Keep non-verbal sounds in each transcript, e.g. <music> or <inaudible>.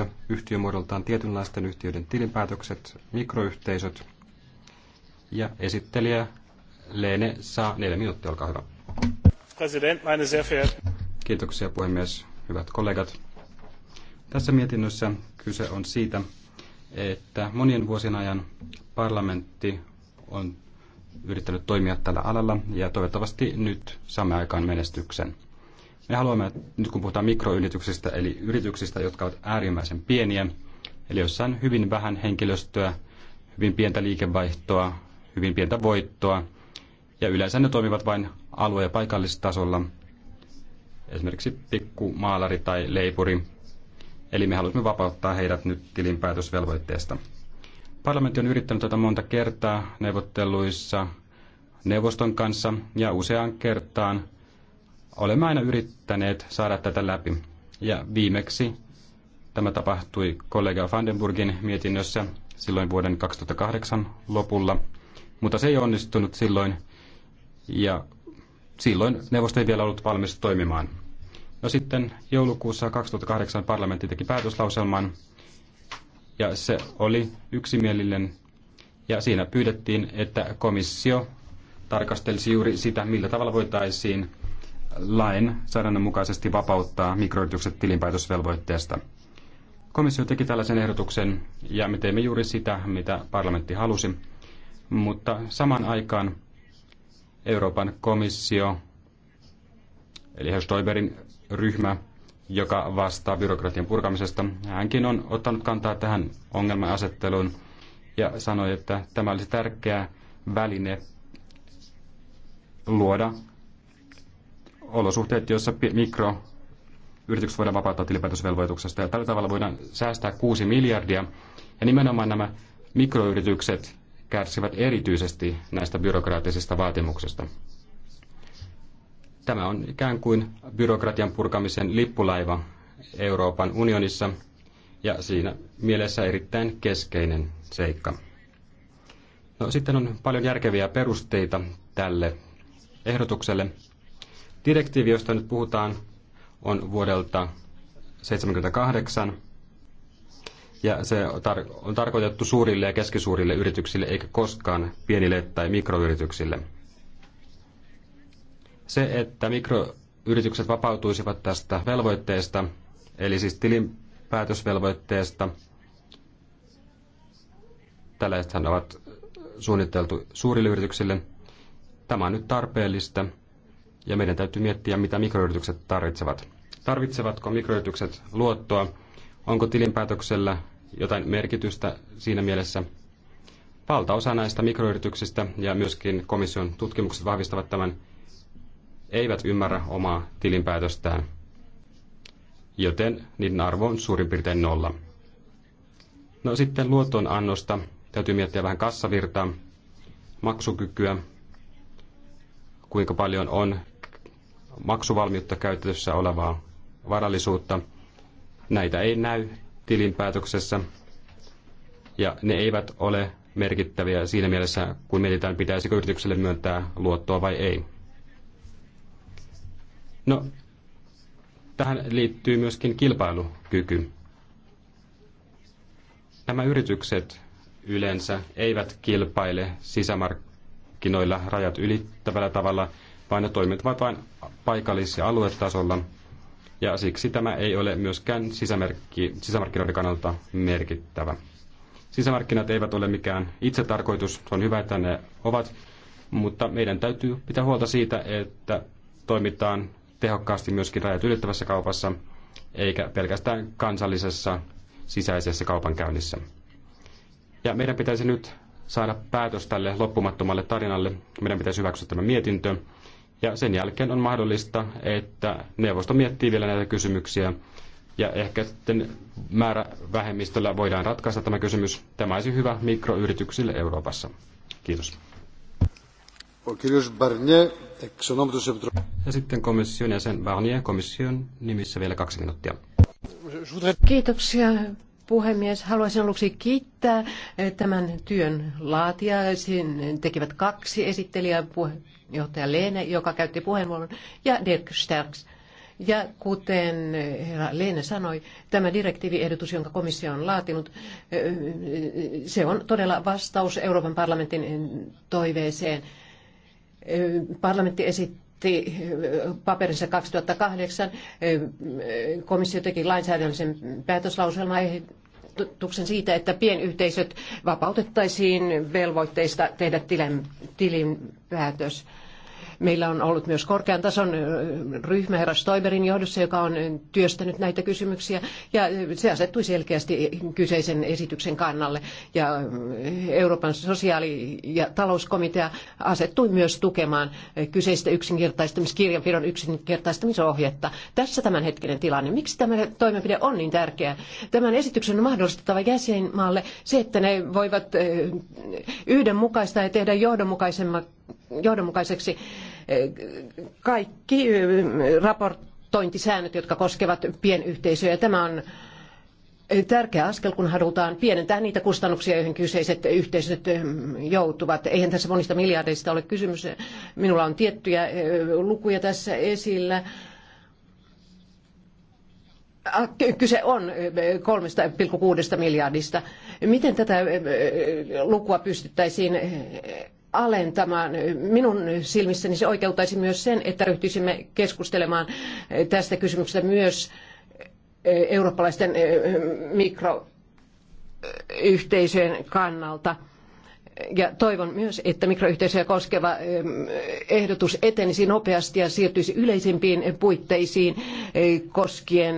yhtiö, yhtiömuodoltaan tietynlaisten yhtiöiden tilinpäätökset, mikroyhteisöt. Ja esittelijä Leene saa neljä minuuttia, olkaa hyvä. President, meine sehr verehrten. Kiitoksia puhemies, hyvät kollegat. Tässä mietinnössä kyse on siitä, että monien vuosien ajan parlamentti on yrittänyt toimia tällä alalla ja toivottavasti nyt saamme aikaan menestyksen. Me haluamme, nyt kun puhutaan mikroyrityksistä, eli yrityksistä, jotka ovat äärimmäisen pieniä, eli jossa on hyvin vähän henkilöstöä, hyvin pientä liikevaihtoa, hyvin pientä voittoa, ja yleensä ne toimivat vain alue- ja paikallistasolla, esimerkiksi pikkumaalari tai leipuri. Eli me haluamme vapauttaa heidät nyt tilinpäätösvelvoitteesta. Parlamentti on yrittänyt tätä monta kertaa neuvotteluissa neuvoston kanssa ja useaan kertaan olemme aina yrittäneet saada tätä läpi. Ja viimeksi tämä tapahtui kollega Vandenburgin mietinnössä silloin vuoden 2008 lopulla, mutta se ei onnistunut silloin ja silloin neuvosto ei vielä ollut valmis toimimaan. No sitten joulukuussa 2008 parlamentti teki päätöslauselman ja se oli yksimielinen ja siinä pyydettiin, että komissio tarkastelisi juuri sitä, millä tavalla voitaisiin lain säädännön mukaisesti vapauttaa mikroyritykset tilinpäätösvelvoitteesta. Komissio teki tällaisen ehdotuksen ja me teimme juuri sitä, mitä parlamentti halusi, mutta saman aikaan Euroopan komissio, eli Herr Stoiberin ryhmä, joka vastaa byrokratian purkamisesta, hänkin on ottanut kantaa tähän ongelmanasetteluun ja sanoi, että tämä olisi tärkeä väline luoda olosuhteet, joissa mikro yritykset voidaan vapauttaa tilinpäätösvelvoituksesta. Ja tällä tavalla voidaan säästää 6 miljardia. Ja nimenomaan nämä mikroyritykset kärsivät erityisesti näistä byrokraattisista vaatimuksista. Tämä on ikään kuin byrokratian purkamisen lippulaiva Euroopan unionissa ja siinä mielessä erittäin keskeinen seikka. No, sitten on paljon järkeviä perusteita tälle ehdotukselle. Direktiivi, josta nyt puhutaan, on vuodelta 1978. ja se on tarkoitettu suurille ja keskisuurille yrityksille eikä koskaan pienille tai mikroyrityksille. Se, että mikroyritykset vapautuisivat tästä velvoitteesta, eli siis tilinpäätösvelvoitteesta, tällaisethan ovat suunniteltu suurille yrityksille. Tämä on nyt tarpeellista, ja meidän täytyy miettiä, mitä mikroyritykset tarvitsevat. Tarvitsevatko mikroyritykset luottoa? Onko tilinpäätöksellä jotain merkitystä siinä mielessä? Valtaosa näistä mikroyrityksistä ja myöskin komission tutkimukset vahvistavat tämän, eivät ymmärrä omaa tilinpäätöstään, joten niiden arvo on suurin piirtein nolla. No sitten luotonannosta täytyy miettiä vähän kassavirtaa, maksukykyä, kuinka paljon on maksuvalmiutta käytössä olevaa varallisuutta. Näitä ei näy tilinpäätöksessä ja ne eivät ole merkittäviä siinä mielessä, kun mietitään, pitäisikö yritykselle myöntää luottoa vai ei. No, tähän liittyy myöskin kilpailukyky. Nämä yritykset yleensä eivät kilpaile sisämarkkinoilla rajat ylittävällä tavalla – vaan ne toimivat vain paikallis- ja aluetasolla. Ja siksi tämä ei ole myöskään sisämerkki, sisämarkkinoiden kannalta merkittävä. Sisämarkkinat eivät ole mikään itsetarkoitus, se on hyvä, että ne ovat, mutta meidän täytyy pitää huolta siitä, että toimitaan tehokkaasti myöskin rajat ylittävässä kaupassa, eikä pelkästään kansallisessa sisäisessä kaupankäynnissä. Ja meidän pitäisi nyt saada päätös tälle loppumattomalle tarinalle. Meidän pitäisi hyväksyä tämä mietintö ja sen jälkeen on mahdollista, että neuvosto miettii vielä näitä kysymyksiä. Ja ehkä sitten vähemmistöllä voidaan ratkaista tämä kysymys. Tämä olisi hyvä mikroyrityksille Euroopassa. Kiitos. Ja sitten komission jäsen Barnier komission nimissä vielä kaksi minuuttia. Kiitoksia puhemies. Haluaisin aluksi kiittää eh, tämän työn laatia. Siinä tekivät kaksi esittelijää, johtaja Leene, joka käytti puheenvuoron, ja Dirk Sterks. Ja kuten herra Leene sanoi, tämä direktiiviehdotus, jonka komissio on laatinut, se on todella vastaus Euroopan parlamentin toiveeseen. Parlamentti esitti paperissa 2008. Komissio teki lainsäädännöllisen päätöslauselman ehdotuksen siitä, että pienyhteisöt vapautettaisiin velvoitteista tehdä tilin, tilinpäätös. Meillä on ollut myös korkean tason ryhmä herra Stoiberin johdossa, joka on työstänyt näitä kysymyksiä ja se asettui selkeästi kyseisen esityksen kannalle. Ja Euroopan sosiaali- ja talouskomitea asettui myös tukemaan kyseistä yksinkertaistamiskirjanpidon yksinkertaistamisohjetta. Tässä tämänhetkinen tilanne. Miksi tämä toimenpide on niin tärkeä? Tämän esityksen on mahdollistettava jäsenmaalle se, että ne voivat yhdenmukaista ja tehdä johdonmukaisemmat johdonmukaiseksi eh, kaikki eh, raportointisäännöt, jotka koskevat pienyhteisöjä. Tämä on eh, tärkeä askel, kun halutaan pienentää niitä kustannuksia, joihin kyseiset yhteisöt joutuvat. Eihän tässä monista miljardeista ole kysymys. Minulla on tiettyjä lukuja tässä esillä. Ah, kyse on 3,6 miljardista. Miten tätä lukua pystyttäisiin alentamaan. Minun silmissäni se oikeuttaisi myös sen, että ryhtyisimme keskustelemaan tästä kysymyksestä myös eh, eurooppalaisten eh, mikroyhteisöjen kannalta. Ja toivon myös, että mikroyhteisöjä koskeva eh, ehdotus etenisi nopeasti ja siirtyisi yleisempiin puitteisiin koskien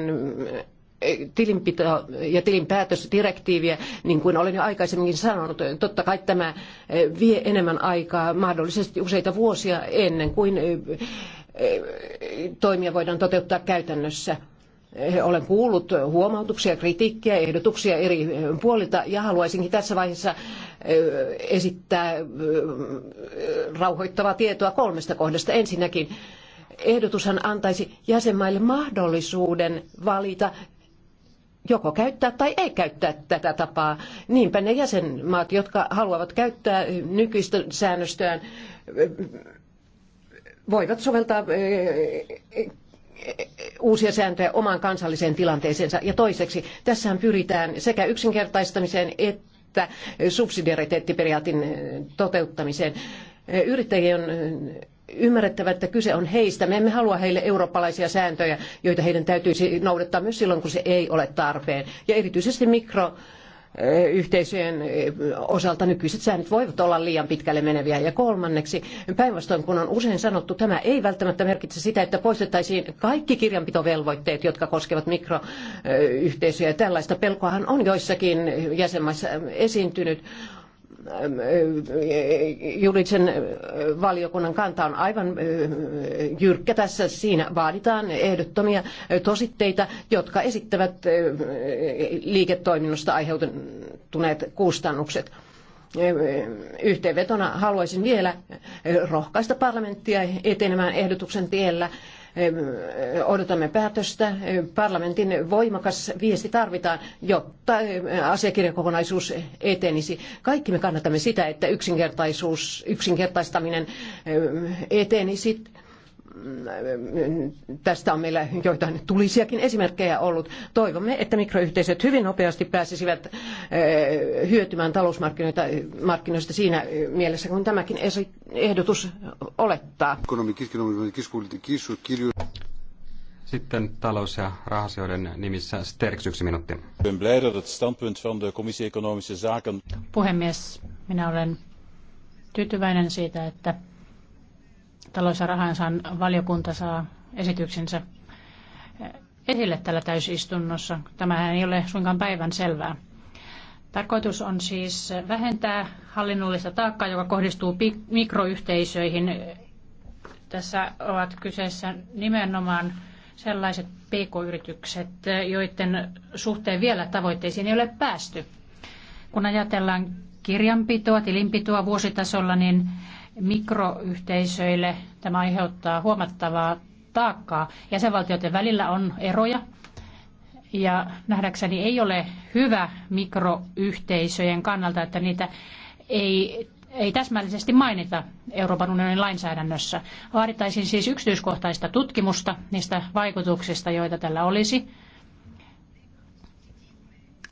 tilinpito- ja tilinpäätösdirektiiviä, niin kuin olen jo aikaisemminkin sanonut, totta kai tämä eh, vie enemmän aikaa, mahdollisesti useita vuosia ennen kuin eh, eh, toimia voidaan toteuttaa käytännössä. Olen kuullut huomautuksia, kritiikkiä, ehdotuksia eri puolilta ja haluaisinkin tässä vaiheessa esittää rauhoittavaa tietoa kolmesta kohdasta. Ensinnäkin ehdotushan antaisi jäsenmaille mahdollisuuden valita joko käyttää tai ei käyttää tätä tapaa. Niinpä ne jäsenmaat, jotka haluavat käyttää nykyistä säännöstöään, voivat soveltaa eh, eh, uusia sääntöjä omaan kansalliseen tilanteeseensa. Ja toiseksi, tässähän pyritään sekä yksinkertaistamiseen että subsidiariteettiperiaatin toteuttamiseen. Eh, yrittäjien ymmärrettävä, että kyse on heistä. Me emme halua heille eurooppalaisia sääntöjä, joita heidän täytyisi noudattaa myös silloin, kun se ei ole tarpeen. Ja erityisesti mikro yhteisöjen eh, osalta nykyiset säännöt voivat olla liian pitkälle meneviä. Ja kolmanneksi, päinvastoin kun on usein sanottu, tämä ei välttämättä merkitse sitä, että poistettaisiin kaikki kirjanpitovelvoitteet, jotka koskevat mikroyhteisöjä. Tällaista pelkoahan on joissakin jäsenmaissa esiintynyt. Äh, äh, Julitsen äh, valiokunnan kanta on aivan jyrkkä tässä. Siinä vaaditaan ehdottomia tositteita, jotka esittävät liiketoiminnosta aiheutuneet kustannukset yhteenvetona haluaisin vielä rohkaista parlamenttia etenemään ehdotuksen tiellä odotamme päätöstä. Parlamentin voimakas viesti tarvitaan, jotta asiakirjakokonaisuus etenisi. Kaikki me kannatamme sitä, että yksinkertaisuus, yksinkertaistaminen etenisi tästä on meillä joitain tulisiakin esimerkkejä ollut. Toivomme, että mikroyhteisöt hyvin nopeasti pääsisivät eh, hyötymään talousmarkkinoista siinä mielessä, kun tämäkin ehdotus olettaa. Sitten talous- ja rahasioiden nimissä Sterks yksi minuutti. Puhemies, minä olen tyytyväinen siitä, että talous- ja rahansan valiokunta saa esityksensä esille tällä täysistunnossa. Tämähän ei ole suinkaan päivän selvää. Tarkoitus on siis vähentää hallinnollista taakkaa, joka kohdistuu mikroyhteisöihin. Tässä ovat kyseessä nimenomaan sellaiset pk-yritykset, joiden suhteen vielä tavoitteisiin ei ole päästy. Kun ajatellaan kirjanpitoa, tilinpitoa vuositasolla, niin mikroyhteisöille tämä aiheuttaa huomattavaa taakkaa. Jäsenvaltioiden välillä on eroja ja nähdäkseni ei ole hyvä mikroyhteisöjen kannalta, että niitä ei, ei täsmällisesti mainita Euroopan unionin lainsäädännössä. Vaadittaisiin siis yksityiskohtaista tutkimusta niistä vaikutuksista, joita tällä olisi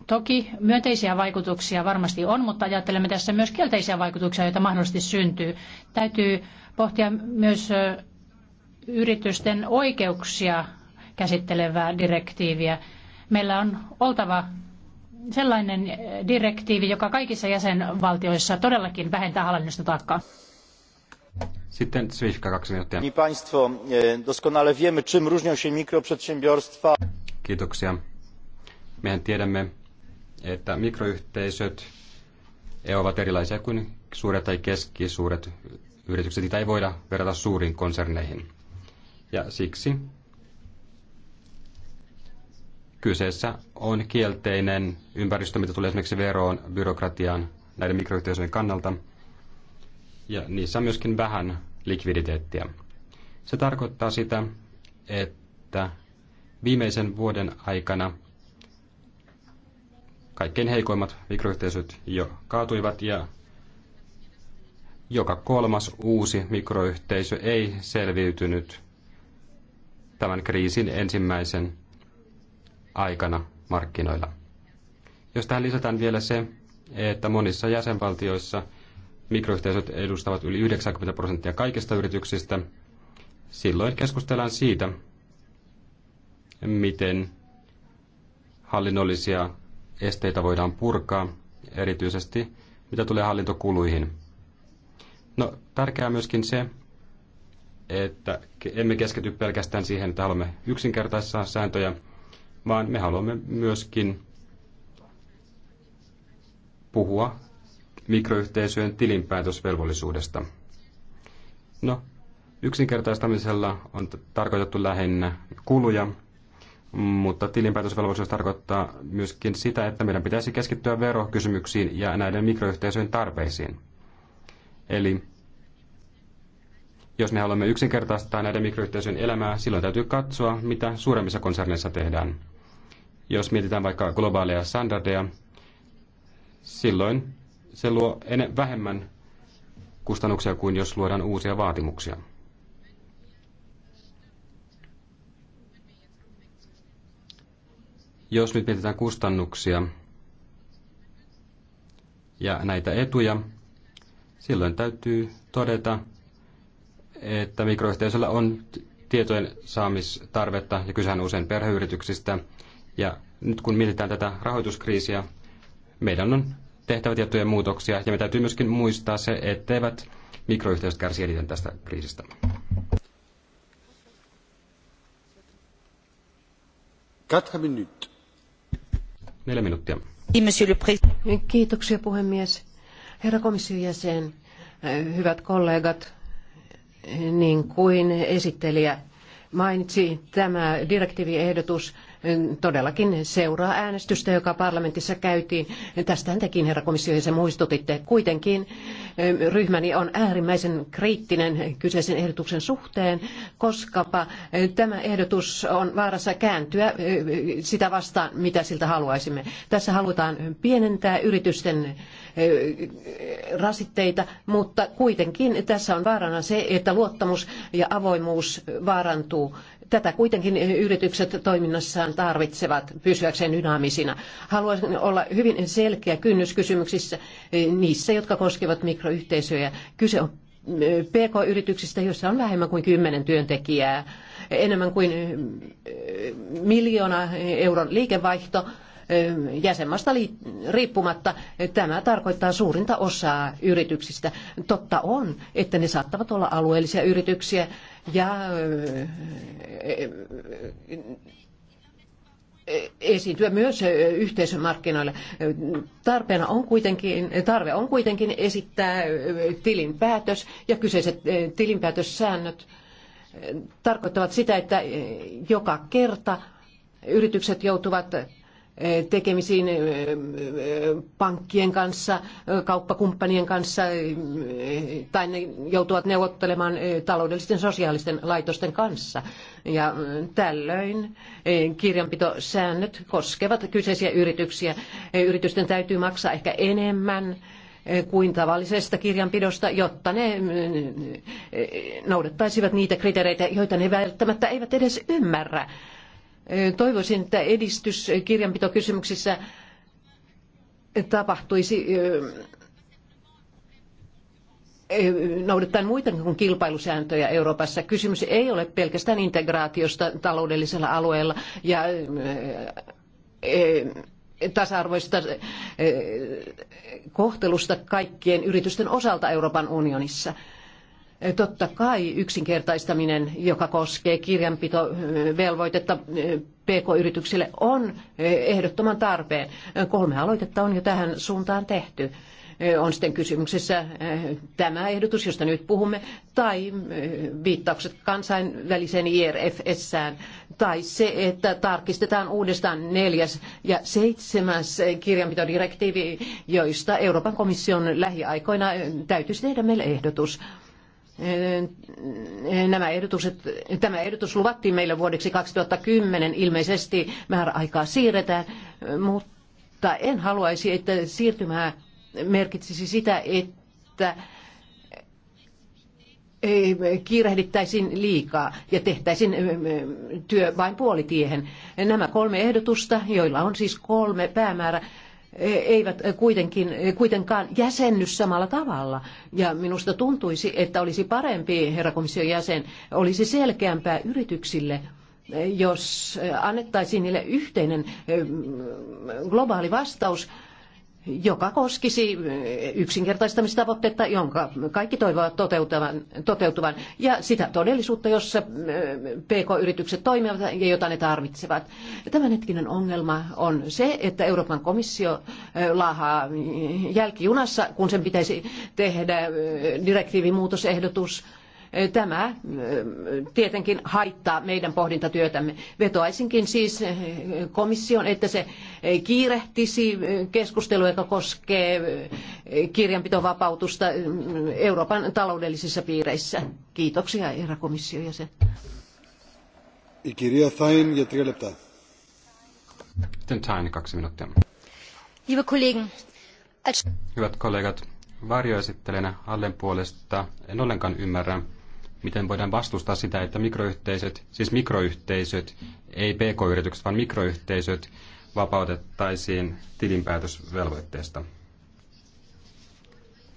Toki myönteisiä vaikutuksia varmasti on, mutta ajattelemme tässä myös kielteisiä vaikutuksia, joita mahdollisesti syntyy. Täytyy pohtia myös yritysten oikeuksia käsittelevää direktiiviä. Meillä on oltava sellainen direktiivi, joka kaikissa jäsenvaltioissa todellakin vähentää hallinnosta taakkaa. Sitten Zwifka, kaksi minuuttia. Państwo, e, doskonale wiemy, czym różnią się mikroprzedsiębiorstwa. Kiitoksia. Mehän tiedämme, että mikroyhteisöt e, ovat erilaisia kuin suuret tai keskisuuret yritykset. Niitä ei voida verrata suuriin konserneihin. Ja siksi kyseessä on kielteinen ympäristö, mitä tulee esimerkiksi veroon, byrokratiaan näiden mikroyhteisöjen kannalta. Ja niissä on myöskin vähän likviditeettiä. Se tarkoittaa sitä, että viimeisen vuoden aikana – kaikkein heikoimmat mikroyhteisöt jo kaatuivat ja joka kolmas uusi mikroyhteisö ei selviytynyt tämän kriisin ensimmäisen aikana markkinoilla. Jos tähän lisätään vielä se, että monissa jäsenvaltioissa mikroyhteisöt edustavat yli 90 prosenttia kaikista yrityksistä, silloin keskustellaan siitä, miten hallinnollisia esteitä voidaan purkaa, erityisesti mitä tulee hallintokuluihin. No, tärkeää myöskin se, että emme keskity pelkästään siihen, että haluamme yksinkertaisia sääntöjä, vaan me haluamme myöskin puhua mikroyhteisöjen tilinpäätösvelvollisuudesta. No, yksinkertaistamisella on tarkoitettu lähinnä kuluja, mutta tilinpäätösvelvollisuus tarkoittaa myöskin sitä, että meidän pitäisi keskittyä verokysymyksiin ja näiden mikroyhteisöjen tarpeisiin. Eli jos me haluamme yksinkertaistaa näiden mikroyhteisöjen elämää, silloin täytyy katsoa, mitä suuremmissa konserneissa tehdään. Jos mietitään vaikka globaaleja standardeja, silloin se luo vähemmän kustannuksia kuin jos luodaan uusia vaatimuksia. Jos nyt mietitään kustannuksia ja näitä etuja, silloin täytyy todeta, että mikroyhteisöllä on tietojen saamistarvetta, ja kysehän usein perheyrityksistä. Ja nyt kun mietitään tätä rahoituskriisiä, meidän on tehtävä tiettyjä muutoksia, ja me täytyy myöskin muistaa se, etteivät mikroyhteisöt kärsi eniten tästä kriisistä. Quatre minutes. Neljä minuuttia. Kiitoksia puhemies. Herra komission jäsen, hyvät kollegat, niin kuin esittelijä mainitsi, tämä direktiiviehdotus ehdotus todellakin seuraa äänestystä, joka parlamentissa käytiin. Tästähän tekin, herra komissio, ja se muistutitte. Kuitenkin ryhmäni on äärimmäisen kriittinen kyseisen ehdotuksen suhteen, koska tämä ehdotus on vaarassa kääntyä sitä vastaan, mitä siltä haluaisimme. Tässä halutaan pienentää yritysten rasitteita, mutta kuitenkin tässä on vaarana se, että luottamus ja avoimuus vaarantuu Tätä kuitenkin yritykset toiminnassaan tarvitsevat pysyäkseen dynaamisina. Haluaisin olla hyvin selkeä kynnyskysymyksissä niissä, jotka koskevat mikroyhteisöjä. Kyse on eh, PK-yrityksistä, joissa on vähemmän kuin kymmenen työntekijää, enemmän kuin eh, miljoona euron liikevaihto eh, jäsenmasta riippumatta. Tämä tarkoittaa suurinta osaa yrityksistä. Totta on, että ne saattavat olla alueellisia yrityksiä, ja esiintyä myös yhteisömarkkinoilla. Tarpeena on kuitenkin, tarve on kuitenkin esittää tilinpäätös ja kyseiset tilinpäätössäännöt tarkoittavat sitä, että joka kerta yritykset joutuvat tekemisiin pankkien kanssa, kauppakumppanien kanssa, tai ne joutuvat neuvottelemaan taloudellisten sosiaalisten laitosten kanssa. Ja tällöin kirjanpitosäännöt koskevat kyseisiä yrityksiä. Yritysten täytyy maksaa ehkä enemmän kuin tavallisesta kirjanpidosta, jotta ne noudattaisivat niitä kriteereitä, joita ne välttämättä eivät edes ymmärrä. Toivoisin, että edistys kirjanpitokysymyksissä tapahtuisi noudattaen muita kuin kilpailusääntöjä Euroopassa. Kysymys ei ole pelkästään integraatiosta taloudellisella alueella ja tasa-arvoista kohtelusta kaikkien yritysten osalta Euroopan unionissa. Totta kai yksinkertaistaminen, joka koskee kirjanpitovelvoitetta PK-yrityksille, on ehdottoman tarpeen. Kolme aloitetta on jo tähän suuntaan tehty on sitten kysymyksessä tämä ehdotus, josta nyt puhumme, tai viittaukset kansainväliseen IRFSään, tai se, että tarkistetaan uudestaan neljäs ja seitsemäs kirjanpitodirektiivi, joista Euroopan komission lähiaikoina täytyisi tehdä meille ehdotus. Nämä ehdotukset, tämä ehdotus luvattiin meille vuodeksi 2010, ilmeisesti määräaikaa siirretään, mutta en haluaisi, että siirtymää merkitsisi sitä, että kiirehdittäisiin liikaa ja tehtäisiin työ vain puolitiehen. Nämä kolme ehdotusta, joilla on siis kolme päämäärää eivät kuitenkin, kuitenkaan jäsenny samalla tavalla. Ja minusta tuntuisi, että olisi parempi, herra komission jäsen, olisi selkeämpää yrityksille jos annettaisiin niille yhteinen mm, globaali vastaus joka koskisi yksinkertaistamistavoitteita, jonka kaikki toivovat toteutuvan, toteutuvan ja sitä todellisuutta, jossa äh, PK-yritykset toimivat ja jota ne tarvitsevat. Tämänhetkinen ongelma on se, että Euroopan komissio äh, laahaa jälkijunassa, kun sen pitäisi tehdä äh, direktiivimuutosehdotus Tämä tietenkin haittaa meidän pohdintatyötämme. Vetoaisinkin siis komission, että se kiirehtisi keskustelua, joka koskee kirjanpitovapautusta Euroopan taloudellisissa piireissä. Kiitoksia, herra komission jäsen. Η κυρία Θάιν για kaksi minuuttia. Hyvät kollegat, varjoesittelijänä Allen puolesta en ollenkaan ymmärrä, miten voidaan vastustaa sitä, että mikroyhteisöt, siis mikroyhteisöt, ei pk-yritykset, vaan mikroyhteisöt vapautettaisiin tilinpäätösvelvoitteesta.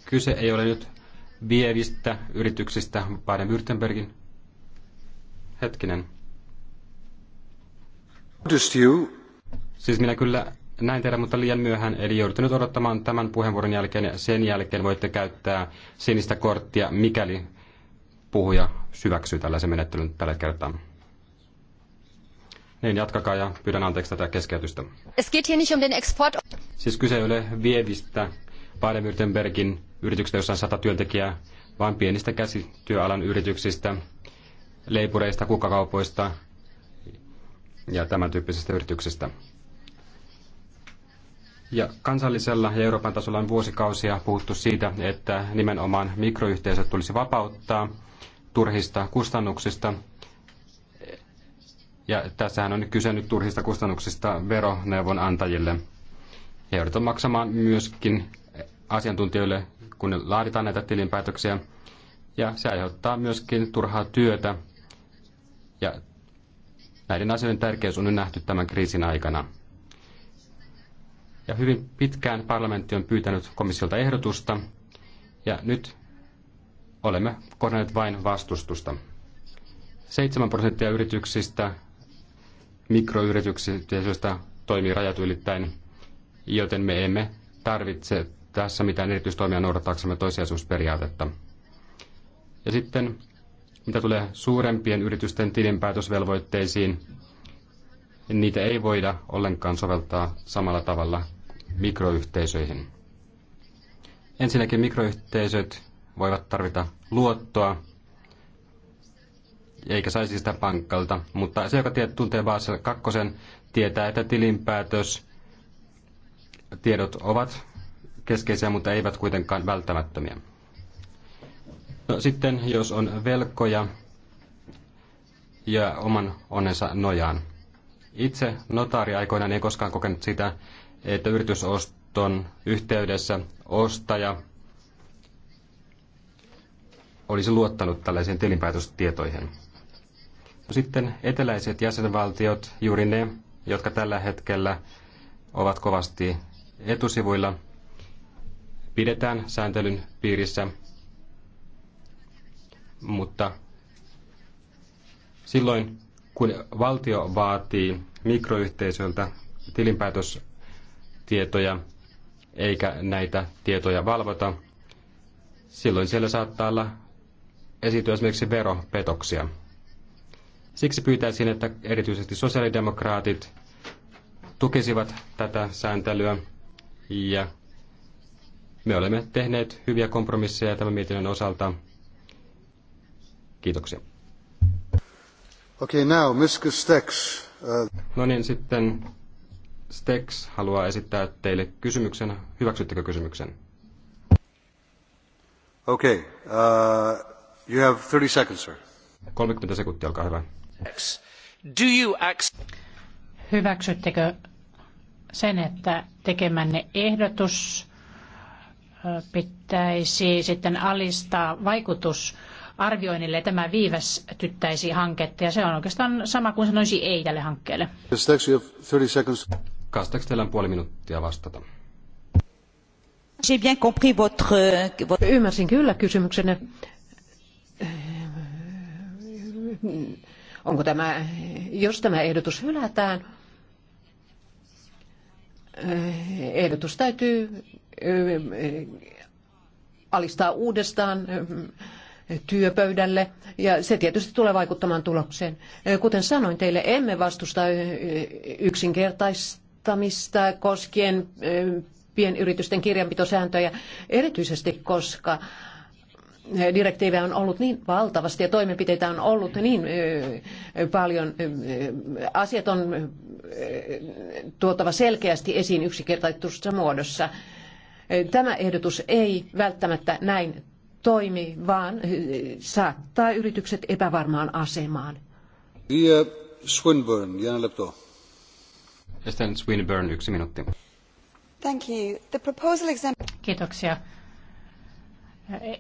Kyse ei ole nyt vievistä yrityksistä Baden-Württembergin. Hetkinen. Siis minä kyllä näin tehdä, mutta liian myöhään. Eli joudutte nyt odottamaan tämän puheenvuoron jälkeen ja sen jälkeen voitte käyttää sinistä korttia, mikäli puhuja syväksyy tällaisen menettelyn tällä kertaa. Niin, jatkakaa ja pyydän anteeksi tätä keskeytystä. Es geht hier nicht um den Export. Siis kyse ei ole vievistä Baden-Württembergin yrityksistä, jossa on sata työntekijää, vaan pienistä käsityöalan yrityksistä, leipureista, kukkakaupoista ja tämän tyyppisistä yrityksistä. Ja kansallisella ja Euroopan tasolla on vuosikausia puhuttu siitä, että nimenomaan mikroyhteisöt tulisi vapauttaa turhista kustannuksista. Ja tässähän on kyse nyt turhista kustannuksista veroneuvonantajille. He joudutaan maksamaan myöskin asiantuntijoille, kun laaditaan näitä tilinpäätöksiä. Ja se aiheuttaa myöskin turhaa työtä. Ja näiden asioiden tärkeys on nyt nähty tämän kriisin aikana. Ja hyvin pitkään parlamentti on pyytänyt komissiolta ehdotusta. Ja nyt olemme koneet vain vastustusta. 7 prosenttia yrityksistä, mikroyrityksistä toimii rajat ylittäen, joten me emme tarvitse tässä mitään erityistoimia noudattaaksemme toisiasuusperiaatetta. Ja sitten, mitä tulee suurempien yritysten tilinpäätösvelvoitteisiin, niitä ei voida ollenkaan soveltaa samalla tavalla mikroyhteisöihin. Ensinnäkin mikroyhteisöt voivat tarvita luottoa, eikä saisi sitä pankkalta. Mutta se, joka tuntee Basel 2, tietää, että tilinpäätös tiedot ovat keskeisiä, mutta eivät kuitenkaan välttämättömiä. No, sitten jos on velkoja ja oman onnensa nojaan. Itse notaari aikoinaan ei koskaan kokenut sitä, että yritysoston yhteydessä ostaja olisi luottanut tällaisiin tilinpäätöstietoihin. No sitten eteläiset jäsenvaltiot, juuri ne, jotka tällä hetkellä ovat kovasti etusivuilla, pidetään sääntelyn piirissä, mutta silloin kun valtio vaatii mikroyhteisöltä tilinpäätöstietoja eikä näitä tietoja valvota, silloin siellä saattaa olla esiintyy esimerkiksi veropetoksia. Siksi pyytäisin, että erityisesti sosiaalidemokraatit tukisivat tätä sääntelyä ja me olemme tehneet hyviä kompromisseja tämän mietinnön osalta. Kiitoksia. Okay, now, Mr. Stex. Uh... No niin, sitten Stex haluaa esittää teille kysymyksen. Hyväksyttekö kysymyksen? Okay. Uh... You have 30 Do you Hyväksyttekö sen, että tekemänne ehdotus pitäisi sitten alistaa vaikutusarvioinnille. Tämä viivästyttäisi hanketta ja se on oikeastaan sama kuin sanoisi ei tälle hankkeelle. Kasteks, teillä on puoli minuuttia vastata. Euh, Ymmärsin kyllä kysymyksenne onko tämä, jos tämä ehdotus hylätään, ehdotus täytyy äh, alistaa uudestaan äh, työpöydälle ja se tietysti tulee vaikuttamaan tulokseen. Äh, kuten sanoin teille, emme vastusta yksinkertaistamista koskien pienyritysten kirjanpitosääntöjä, erityisesti koska direktiivejä on ollut niin valtavasti ja toimenpiteitä on ollut niin paljon. Asiat on tuotava selkeästi esiin yksinkertaistetussa muodossa. Tämä ehdotus ei välttämättä näin toimi, vaan saattaa yritykset epävarmaan asemaan. Swinburne, Jana Swinburne, yksi minuutti. Thank you. The proposal Kiitoksia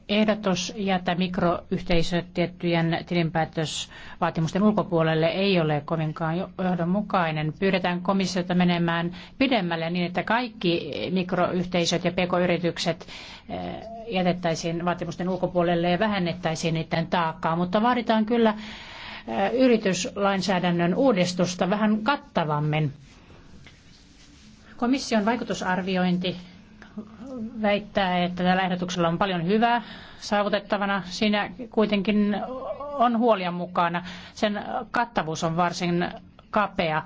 Ehdotus jättää mikroyhteisöt tiettyjen tilinpäätösvaatimusten ulkopuolelle ei ole kovinkaan johdonmukainen. Pyydetään komissiota menemään pidemmälle niin, että kaikki mikroyhteisöt ja pk-yritykset eh, jätettäisiin vaatimusten ulkopuolelle ja vähennettäisiin niiden taakkaa, mutta vaaditaan kyllä eh, yrityslainsäädännön uudistusta vähän kattavammin. Komission vaikutusarviointi väittää, että tällä ehdotuksella on paljon hyvää saavutettavana. Siinä kuitenkin on huolia mukana. Sen kattavuus on varsin kapea.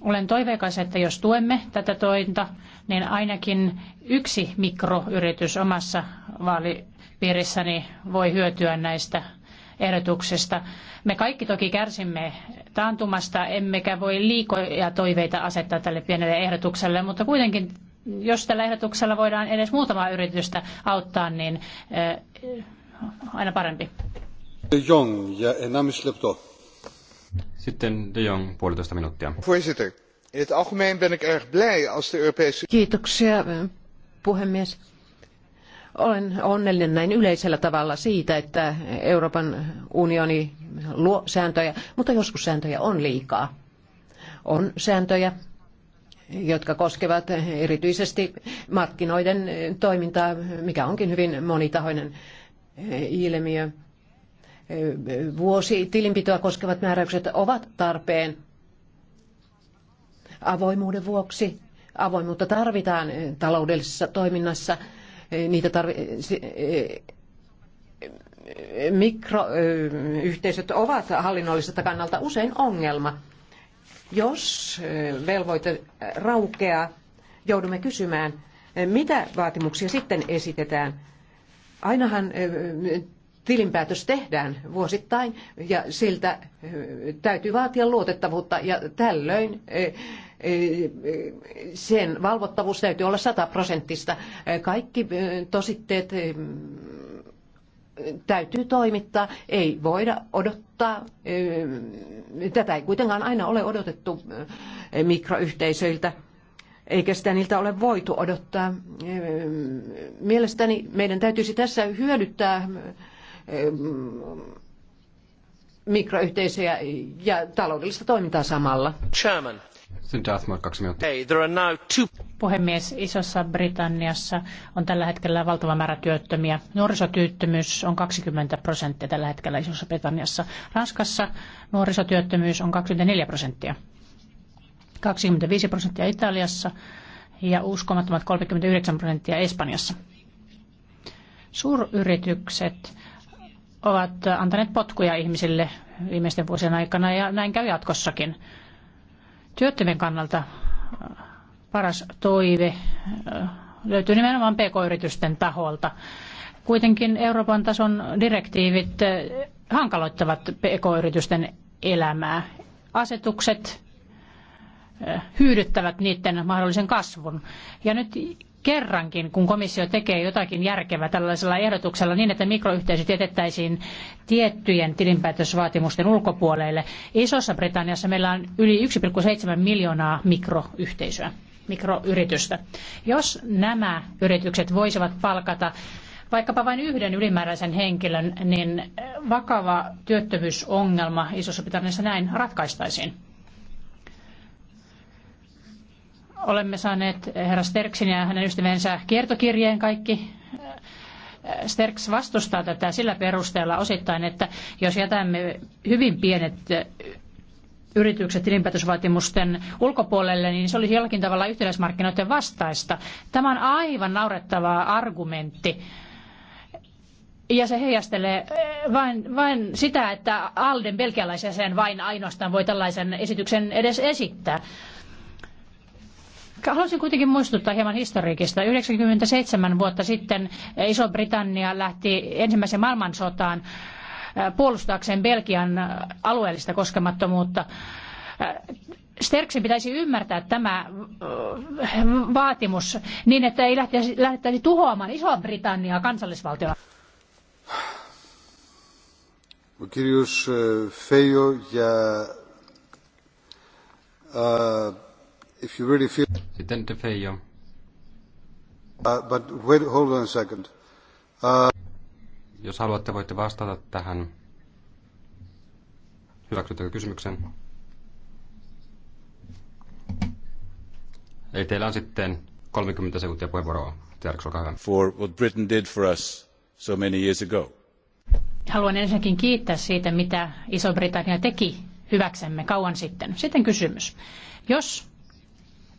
Olen toiveikas, että jos tuemme tätä tointa, niin ainakin yksi mikroyritys omassa vaalipiirissäni voi hyötyä näistä ehdotuksista. Me kaikki toki kärsimme taantumasta, emmekä voi liikoja toiveita asettaa tälle pienelle ehdotukselle, mutta kuitenkin jos tällä ehdotuksella voidaan edes muutamaa yritystä auttaa, niin eh, aina parempi. De Jong ja enamys Sitten De Jong, puolitoista minuuttia. Voorzitter, in het algemeen ben ik erg blij als de Europese... Kiitoksia, puhemies. Olen onnellinen näin yleisellä tavalla siitä, että Euroopan unioni luo sääntöjä, mutta joskus sääntöjä on liikaa. On sääntöjä, jotka koskevat erityisesti markkinoiden toimintaa, mikä onkin hyvin monitahoinen ilmiö. Vuositilinpitoa koskevat määräykset ovat tarpeen avoimuuden vuoksi. Avoimuutta tarvitaan taloudellisessa toiminnassa. Niitä tarvi- mikroyhteisöt ovat hallinnolliselta kannalta usein ongelma. Jos velvoite raukeaa, joudumme kysymään, mitä vaatimuksia sitten esitetään. Ainahan tilinpäätös tehdään vuosittain ja siltä täytyy vaatia luotettavuutta ja tällöin sen valvottavuus täytyy olla sataprosenttista. Kaikki tositteet täytyy toimittaa. Ei voida odottaa, tätä ei kuitenkaan aina ole odotettu mikroyhteisöiltä, eikä sitä niiltä ole voitu odottaa. Mielestäni meidän täytyisi tässä hyödyttää mikroyhteisöjä ja taloudellista toimintaa samalla. Chairman. Puhemies, Isossa Britanniassa on tällä hetkellä valtava määrä työttömiä. Nuorisotyöttömyys on 20 prosenttia tällä hetkellä Isossa Britanniassa. Ranskassa nuorisotyöttömyys on 24 prosenttia. 25 prosenttia Italiassa ja uskomattomat 39 prosenttia Espanjassa. Suuryritykset ovat antaneet potkuja ihmisille viimeisten vuosien aikana ja näin käy jatkossakin. Työttömien kannalta äh, paras toive äh, löytyy nimenomaan pk-yritysten taholta. Kuitenkin Euroopan tason direktiivit äh, hankaloittavat pk-yritysten elämää. Asetukset hyydyttävät niiden mahdollisen kasvun. Ja nyt kerrankin, kun komissio tekee jotakin järkevää tällaisella ehdotuksella niin, että mikroyhteisöt jätettäisiin tiettyjen tilinpäätösvaatimusten ulkopuolelle. Isossa Britanniassa meillä on yli 1,7 miljoonaa mikroyhteisöä, mikroyritystä. Jos nämä yritykset voisivat palkata vaikkapa vain yhden ylimääräisen henkilön, niin vakava työttömyysongelma Isossa Britanniassa näin ratkaistaisiin. Olemme saaneet herra Sterksin ja hänen ystävänsä kiertokirjeen kaikki. Äh, Sterks vastustaa tätä sillä perusteella osittain, että jos jätämme hyvin pienet äh, yritykset tilinpäätösvaatimusten ulkopuolelle, niin se olisi jollakin tavalla yhtenäismarkkinoiden vastaista. Tämä on aivan naurettava argumentti. Ja se heijastelee äh, vain, vain sitä, että Alden belgialaisen vain ainoastaan voi tällaisen esityksen edes esittää. Haluaisin kuitenkin muistuttaa hieman historiikista. 97 vuotta sitten Iso-Britannia lähti ensimmäiseen maailmansotaan puolustaakseen Belgian alueellista koskemattomuutta. Sterksin pitäisi ymmärtää tämä vaatimus niin, että ei lähteisi, tuhoamaan Iso-Britanniaa kansallisvaltiona. Kirjus Feijo ja... If you really feel... Sitten De Feijo. Uh, but wait, hold on a second. Uh... Jos haluatte, voitte vastata tähän. Hyväksyttekö kysymyksen? Eli teillä on sitten 30 sekuntia puheenvuoroa. Tiedätkö, olkaa hyvä. For what Britain did for us so many years ago. Haluan ensinnäkin kiittää siitä, mitä Iso-Britannia teki hyväksemme kauan sitten. Sitten kysymys. Jos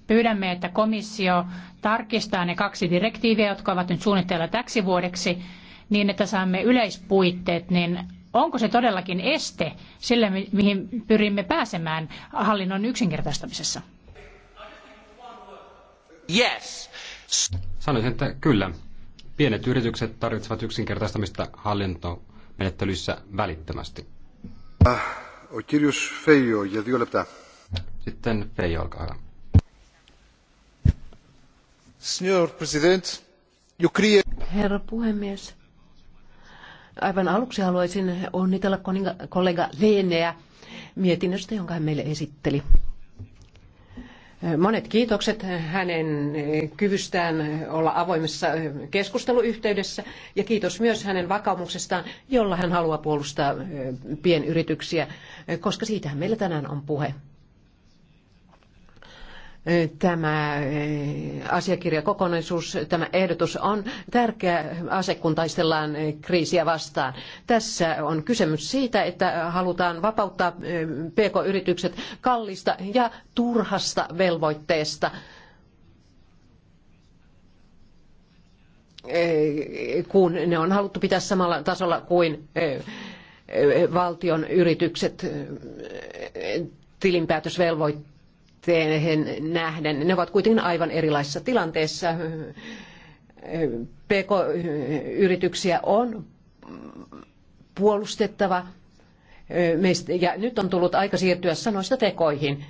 Pyydämme, että komissio tarkistaa ne kaksi direktiiviä, jotka ovat nyt suunnitteilla täksi vuodeksi, niin että saamme yleispuitteet, niin onko se todellakin este sille, mihin pyrimme pääsemään hallinnon yksinkertaistamisessa? Yes. Sanoisin, että kyllä. Pienet yritykset tarvitsevat yksinkertaistamista hallintomenettelyissä välittömästi. Ah, o kirjus Feijo, ja Sitten Feijo, olkaa hyvä. Herra puhemies, aivan aluksi haluaisin onnitella kollega Leeneä mietinnöstä, jonka hän meille esitteli. Monet kiitokset hänen kyvystään olla avoimessa keskusteluyhteydessä ja kiitos myös hänen vakaumuksestaan, jolla hän haluaa puolustaa pienyrityksiä, koska siitähän meillä tänään on puhe tämä asiakirjakokonaisuus, tämä ehdotus on tärkeä ase, kun taistellaan kriisiä vastaan. Tässä on kysymys siitä, että halutaan vapauttaa pk-yritykset kallista ja turhasta velvoitteesta. kun ne on haluttu pitää samalla tasolla kuin valtion yritykset tilinpäätösvelvoitteet BKT nähden. Ne ovat kuitenkin aivan erilaisissa tilanteissa. PK-yrityksiä on puolustettava. Ja nyt on tullut aika siirtyä sanoista tekoihin.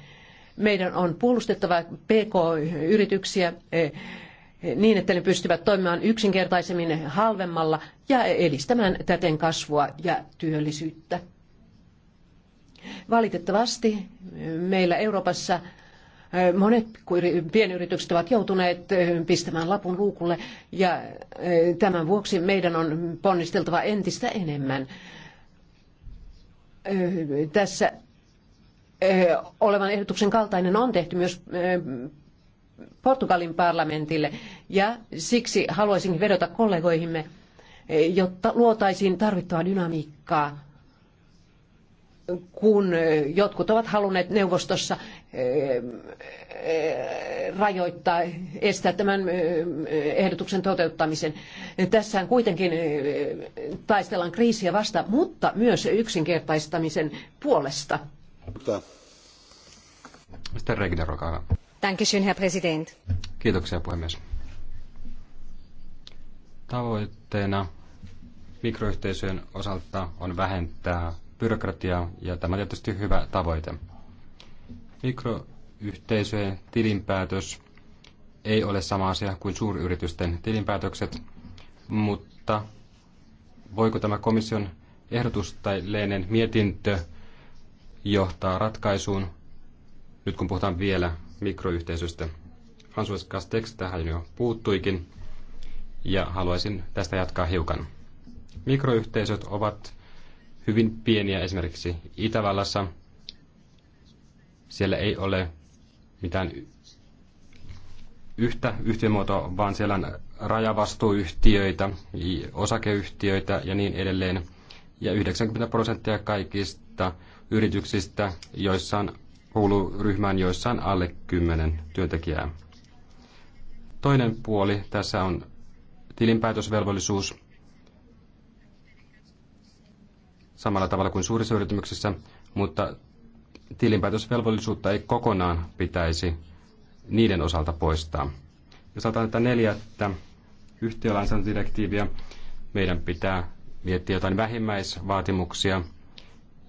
Meidän on puolustettava PK-yrityksiä eh, niin, että ne pystyvät toimimaan yksinkertaisemmin halvemmalla ja edistämään täten kasvua ja työllisyyttä. Valitettavasti meillä Euroopassa Monet pienyritykset ovat joutuneet pistämään lapun luukulle ja tämän vuoksi meidän on ponnisteltava entistä enemmän. Tässä olevan ehdotuksen kaltainen on tehty myös Portugalin parlamentille ja siksi haluaisin vedota kollegoihimme, jotta luotaisiin tarvittavaa dynamiikkaa kun jotkut ovat halunneet neuvostossa rajoittaa, estää tämän ehdotuksen toteuttamisen. Tässähän kuitenkin taistellaan kriisiä vasta, mutta myös yksinkertaistamisen puolesta. Mr. Regner, olkaa hyvä. Dankeschön, Herr President. Kiitoksia, puhemies. Tavoitteena mikroyhteisöjen osalta on vähentää byrokratiaa ja tämä on tietysti hyvä tavoite. Mikroyhteisöjen tilinpäätös ei ole sama asia kuin suuryritysten tilinpäätökset, mutta voiko tämä komission ehdotus tai leinen mietintö johtaa ratkaisuun, nyt kun puhutaan vielä mikroyhteisöstä. François Castex tähän jo puuttuikin ja haluaisin tästä jatkaa hiukan. Mikroyhteisöt ovat hyvin pieniä esimerkiksi Itävallassa. Siellä ei ole mitään yhtä yhtiömuotoa, vaan siellä on rajavastuuyhtiöitä, osakeyhtiöitä ja niin edelleen. Ja 90 prosenttia kaikista yrityksistä, joissa on kuuluu ryhmään, joissa on alle 10 työntekijää. Toinen puoli tässä on tilinpäätösvelvollisuus. samalla tavalla kuin suurissa yrityksissä, mutta tilinpäätösvelvollisuutta ei kokonaan pitäisi niiden osalta poistaa. Jos otetaan tätä neljättä yhtiölainsäädäntödirektiiviä, meidän pitää miettiä jotain vähimmäisvaatimuksia.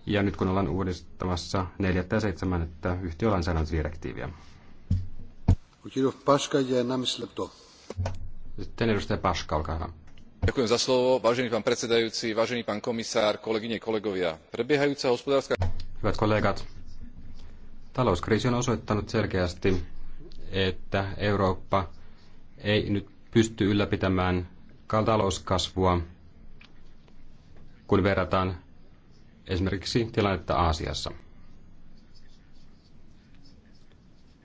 Ja nyt kun ollaan uudistamassa neljättä ja seitsemännettä yhtiölainsäädäntödirektiiviä. Sitten edustaja Paska, olkaa hyvä. Hyvät kollegat, talouskriisi on osoittanut selkeästi, että Eurooppa ei nyt pysty ylläpitämään talouskasvua, kun verrataan esimerkiksi tilannetta Aasiassa.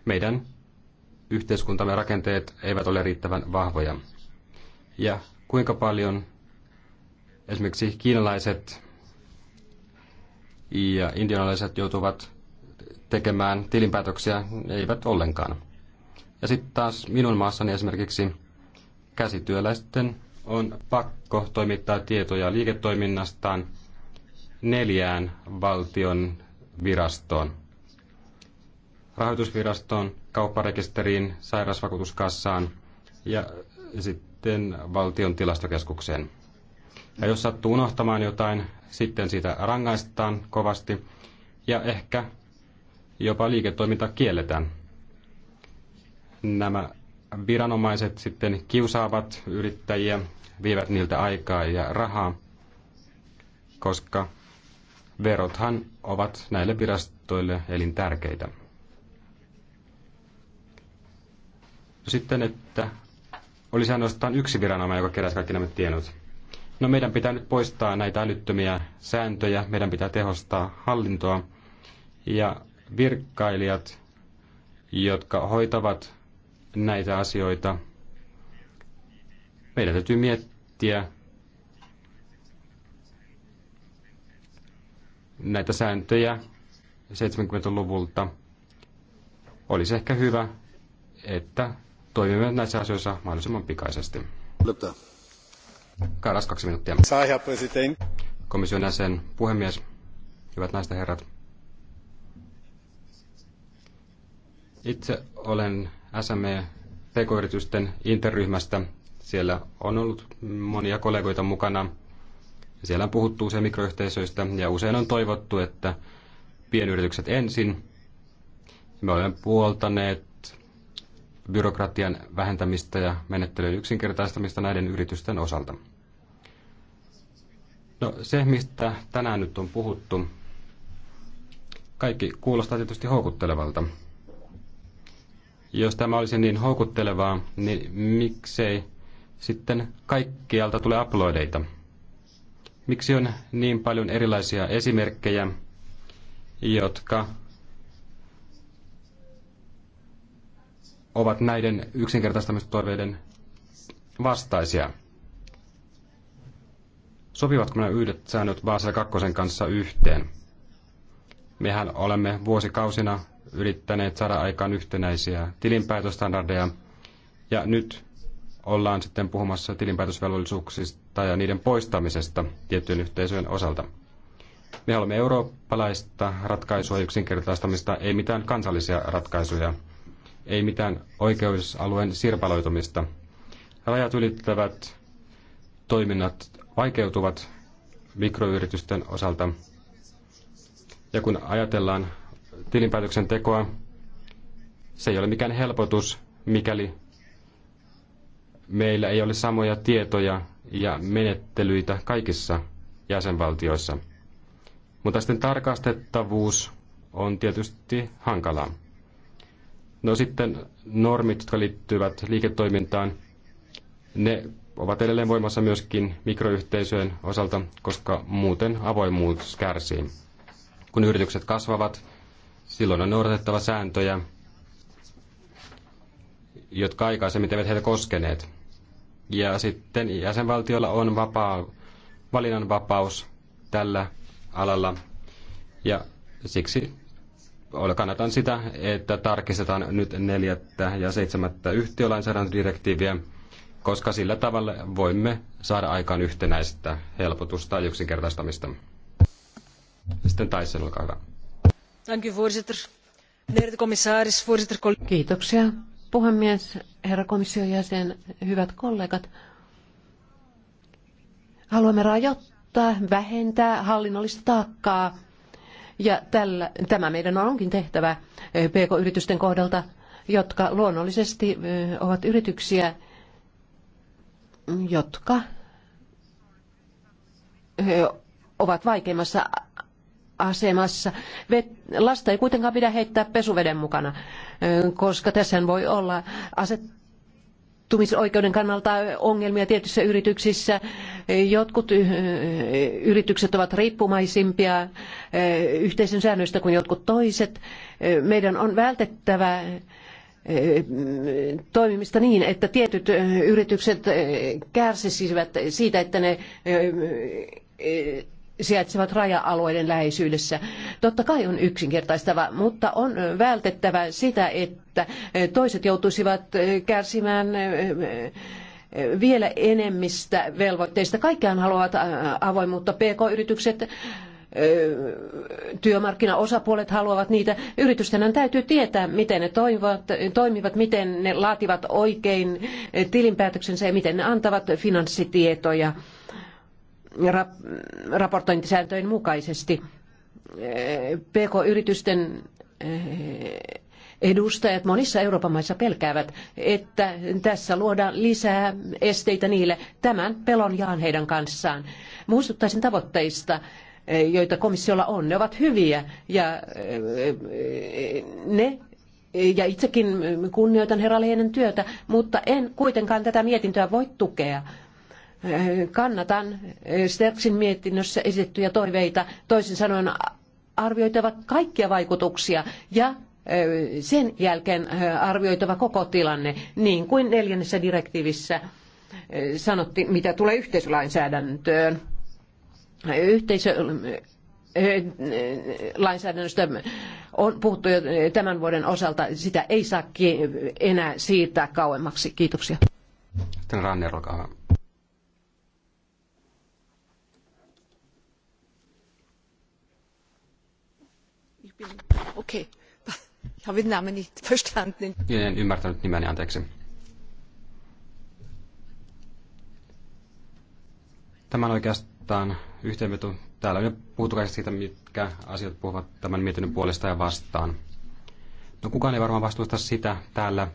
Meidän yhteiskuntamme rakenteet eivät ole riittävän vahvoja. Ja kuinka paljon esimerkiksi kiinalaiset ja indianalaiset joutuvat tekemään tilinpäätöksiä, eivät ollenkaan. Ja sitten taas minun maassani esimerkiksi käsityöläisten on pakko toimittaa tietoja liiketoiminnastaan neljään valtion virastoon. Rahoitusvirastoon, kaupparekisteriin, sairausvakuutuskassaan ja sitten sitten valtion tilastokeskukseen. Ja jos sattuu unohtamaan jotain, sitten siitä rangaistaan kovasti ja ehkä jopa liiketoiminta kielletään. Nämä viranomaiset sitten kiusaavat yrittäjiä, vievät niiltä aikaa ja rahaa, koska verothan ovat näille virastoille elintärkeitä. Sitten, että olisi ainoastaan yksi viranomainen, joka keräsi kaikki nämä tiedot. No meidän pitää nyt poistaa näitä älyttömiä sääntöjä, meidän pitää tehostaa hallintoa ja virkailijat, jotka hoitavat näitä asioita, meidän täytyy miettiä näitä sääntöjä 70-luvulta. Olisi ehkä hyvä, että toimimme näissä asioissa mahdollisimman pikaisesti. Lupta. Kailas kaksi minuuttia. Komission jäsen, puhemies, hyvät naiset ja herrat. Itse olen SME PK-yritysten interryhmästä. Siellä on ollut monia kollegoita mukana. Siellä on puhuttu usein mikroyhteisöistä ja usein on toivottu, että pienyritykset ensin. Me olemme puoltaneet byrokratian vähentämistä ja menettelyjen yksinkertaistamista näiden yritysten osalta. No se, mistä tänään nyt on puhuttu, kaikki kuulostaa tietysti houkuttelevalta. Jos tämä olisi niin houkuttelevaa, niin miksei sitten kaikkialta tule uploadeita? Miksi on niin paljon erilaisia esimerkkejä, jotka ovat näiden yksinkertaistamistoiveiden vastaisia. Sopivatko nämä yhdet säännöt Basel 2 kanssa yhteen? Mehän olemme vuosikausina yrittäneet saada aikaan yhtenäisiä tilinpäätöstandardeja, ja nyt ollaan sitten puhumassa tilinpäätösvelvollisuuksista ja niiden poistamisesta tiettyjen yhteisöjen osalta. Me olemme eurooppalaista ratkaisua yksinkertaistamista, ei mitään kansallisia ratkaisuja – ei mitään oikeusalueen sirpaloitumista. Rajat ylittävät toiminnat vaikeutuvat mikroyritysten osalta. Ja kun ajatellaan tilinpäätöksen tekoa, se ei ole mikään helpotus, mikäli meillä ei ole samoja tietoja ja menettelyitä kaikissa jäsenvaltioissa. Mutta sitten tarkastettavuus on tietysti hankalaa. No sitten normit, jotka liittyvät liiketoimintaan, ne ovat edelleen voimassa myöskin mikroyhteisöjen osalta, koska muuten avoimuus kärsii. Kun yritykset kasvavat, silloin on noudatettava sääntöjä, jotka aikaisemmin eivät heitä koskeneet. Ja sitten jäsenvaltiolla on vapaa, valinnanvapaus tällä alalla, ja siksi kannatan sitä, että tarkistetaan nyt neljättä ja seitsemättä yhtiölainsäädäntödirektiiviä, koska sillä tavalla voimme saada aikaan yhtenäistä helpotusta ja yksinkertaistamista. Sitten Taisen, olkaa hyvä. Thank you, voorzitter. Kiitoksia, puhemies, herra komission jäsen, hyvät kollegat. Haluamme rajoittaa, vähentää hallinnollista taakkaa ja tällä, tämä meidän onkin tehtävä eh, PK-yritysten kohdalta, jotka luonnollisesti eh, ovat yrityksiä, jotka eh, ovat vaikeimmassa asemassa. Lasta ei kuitenkaan pidä heittää pesuveden mukana, koska tässä voi olla aset sijoittumisoikeuden kannalta ongelmia tietyissä yrityksissä. Jotkut eh, yritykset ovat riippumaisimpia eh, yhteisön säännöistä kuin jotkut toiset. Eh, meidän on vältettävä toimimista niin, että tietyt yritykset kärsisivät siitä, että ne sijaitsevat raja-alueiden läheisyydessä. Totta kai on yksinkertaistava, mutta on vältettävä sitä, että toiset joutuisivat kärsimään vielä enemmistä velvoitteista. Kaikkiaan haluavat avoimuutta. PK-yritykset työmarkkinaosapuolet haluavat niitä. Yritysten täytyy tietää, miten ne toimivat, toimivat, miten ne laativat oikein tilinpäätöksensä ja miten ne antavat finanssitietoja raportointisääntöjen mukaisesti. PK-yritysten eh, edustajat monissa Euroopan maissa pelkäävät, että tässä luodaan lisää esteitä niille. Tämän pelon jaan heidän kanssaan. Muistuttaisin tavoitteista eh, joita komissiolla on. Ne ovat hyviä ja eh, ne ja itsekin kunnioitan herra Leinen työtä, mutta en kuitenkaan tätä mietintöä voi tukea. Kannatan eh, Sterksin mietinnössä esitettyjä toiveita, toisin sanoen arvioitava kaikkia vaikutuksia ja eh, sen jälkeen eh, arvioitava koko tilanne, niin kuin neljännessä direktiivissä sanottiin, mitä tulee yhteisölainsäädäntöön. Yhteisölainsäädännöstä on puhuttu jo tämän vuoden osalta. Sitä ei saa enää siirtää kauemmaksi. Kiitoksia. Sitten Ranner, olkaa <laughs> Ich En ymmärtänyt nimeni, anteeksi. Tämä on oikeastaan yhteenveto. Täällä on jo puhuttu siitä, mitkä asiat puhuvat tämän mietinnön puolesta ja vastaan. No kukaan ei varmaan vastusta sitä täällä,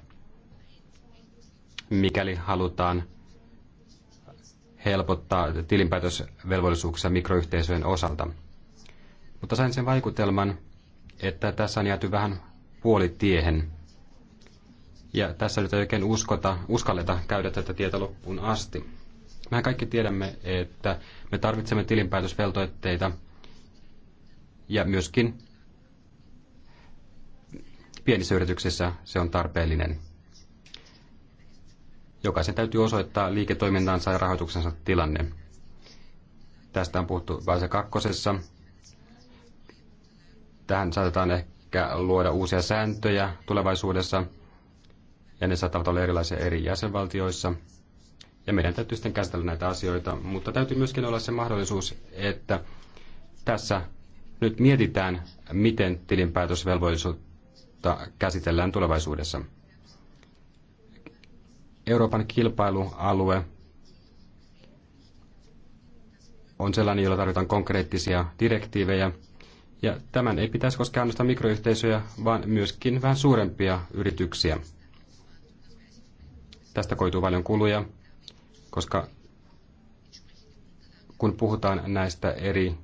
mikäli halutaan helpottaa tilinpäätösvelvollisuuksia mikroyhteisöjen osalta. Mutta sain sen vaikutelman, että tässä on jääty vähän puolitiehen. Ja tässä nyt ei oikein uskota, uskalleta käydä tätä tietä loppuun asti. Mehän kaikki tiedämme, että me tarvitsemme tilinpäätösveltoitteita ja myöskin pienissä yrityksissä se on tarpeellinen. Jokaisen täytyy osoittaa liiketoimintaansa ja rahoituksensa tilanne. Tästä on puhuttu vaiheessa kakkosessa Tähän saatetaan ehkä luoda uusia sääntöjä tulevaisuudessa, ja ne saattavat olla erilaisia eri jäsenvaltioissa. Ja meidän täytyy sitten käsitellä näitä asioita, mutta täytyy myöskin olla se mahdollisuus, että tässä nyt mietitään, miten tilinpäätösvelvollisuutta käsitellään tulevaisuudessa. Euroopan kilpailualue on sellainen, jolla tarvitaan konkreettisia direktiivejä, ja tämän ei pitäisi koskea ainoastaan mikroyhteisöjä, vaan myöskin vähän suurempia yrityksiä. Tästä koituu paljon kuluja, koska kun puhutaan näistä eri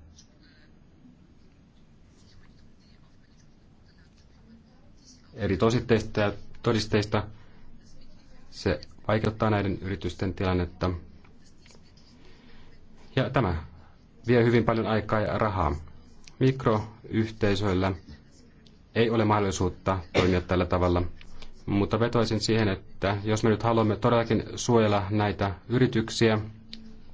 eri tositteista ja todisteista, se vaikeuttaa näiden yritysten tilannetta. Ja tämä vie hyvin paljon aikaa ja rahaa. Mikroyhteisöillä ei ole mahdollisuutta toimia tällä tavalla, mutta vetoisin siihen, että jos me nyt haluamme todellakin suojella näitä yrityksiä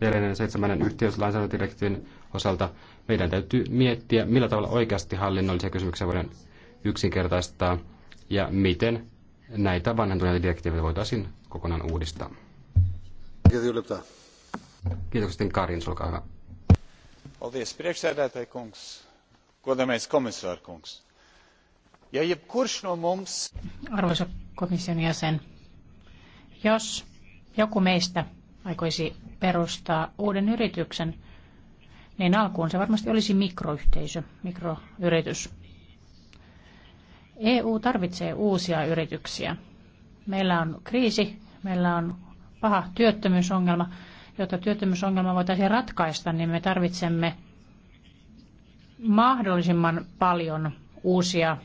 neljännen seitsemännen yhteislainsäädäntödirektiivin osalta, meidän täytyy miettiä, millä tavalla oikeasti hallinnollisia kysymyksiä voidaan yksinkertaistaa ja miten näitä vanhentuneita direktiivejä voitaisiin kokonaan uudistaa. Kiitoksia, Karin, olkaa hyvä. Paldies, godamais kungs. Ja jebkurš no mums... Arvoisa komission jäsen, jos joku meistä aikoisi perustaa uuden yrityksen, niin alkuun se varmasti olisi mikroyhteisö, mikroyritys. EU tarvitsee uusia yrityksiä. Meillä on kriisi, meillä on paha työttömyysongelma. Jotta työttömyysongelma voitaisiin ratkaista, niin me tarvitsemme mahdollisimman paljon uusia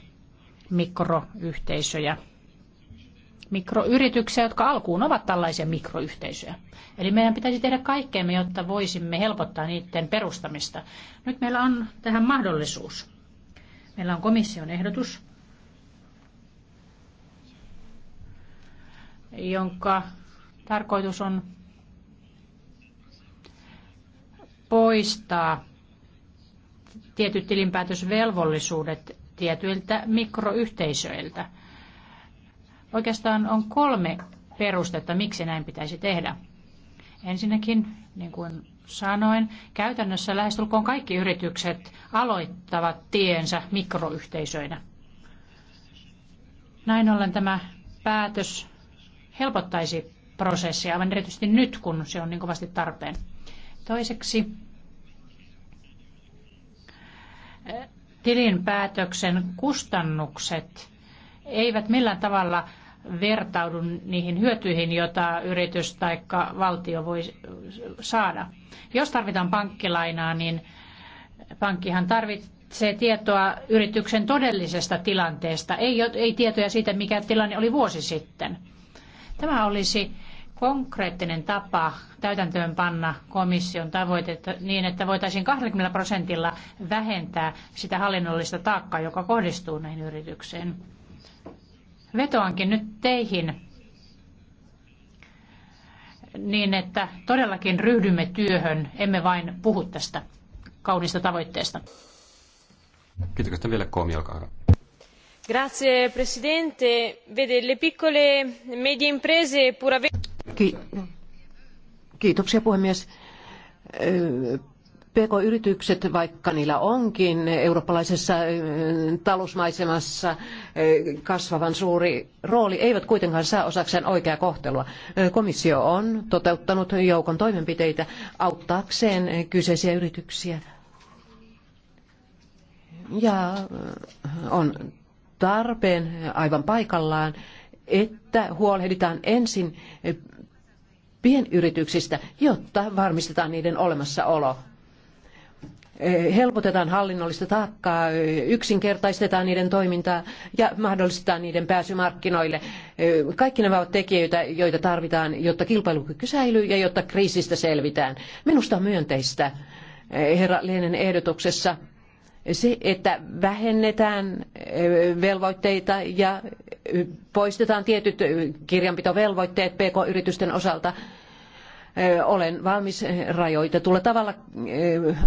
mikroyhteisöjä, mikroyrityksiä, jotka alkuun ovat tällaisia mikroyhteisöjä. Eli meidän pitäisi tehdä kaikkeemme, jotta voisimme helpottaa niiden perustamista. Nyt meillä on tähän mahdollisuus. Meillä on komission ehdotus, jonka tarkoitus on poistaa tietyt tilinpäätösvelvollisuudet tietyiltä mikroyhteisöiltä. Oikeastaan on kolme perustetta, miksi näin pitäisi tehdä. Ensinnäkin, niin kuin sanoin, käytännössä lähestulkoon kaikki yritykset aloittavat tiensä mikroyhteisöinä. Näin ollen tämä päätös helpottaisi prosessia, aivan erityisesti nyt, kun se on niin kovasti tarpeen. Toiseksi tilinpäätöksen kustannukset eivät millään tavalla vertaudu niihin hyötyihin, joita yritys tai valtio voi saada. Jos tarvitaan pankkilainaa, niin pankkihan tarvitsee tietoa yrityksen todellisesta tilanteesta, ei, ei tietoja siitä, mikä tilanne oli vuosi sitten. Tämä olisi konkreettinen tapa täytäntöönpanna komission tavoitetta niin, että voitaisiin 20 prosentilla vähentää sitä hallinnollista taakkaa, joka kohdistuu näihin yrityksiin. Vetoankin nyt teihin niin, että todellakin ryhdymme työhön, emme vain puhu tästä kaunista tavoitteesta. Kiitoksia vielä Koomi, olkaa hyvä signor presidente colleghi le piccole e medie imprese pur avendo. pk yritykset vaikka niillä onkin eurooppalaisessa talousmaisemassa kasvavan suuri rooli eivät kuitenkaan saa osakseen oikeaa kohtelua. komissio on toteuttanut joukon toimenpiteitä auttaakseen kyseisiä yrityksiä ja on tarpeen aivan paikallaan, että huolehditaan ensin pienyrityksistä, jotta varmistetaan niiden olemassaolo. Helpotetaan hallinnollista taakkaa, yksinkertaistetaan niiden toimintaa ja mahdollistetaan niiden pääsy markkinoille. Kaikki nämä ovat tekijöitä, joita tarvitaan, jotta kilpailukyky säilyy ja jotta kriisistä selvitään. Minusta on myönteistä herra Lienen ehdotuksessa se, että vähennetään velvoitteita ja poistetaan tietyt kirjanpitovelvoitteet PK-yritysten osalta, olen valmis rajoitetulla tavalla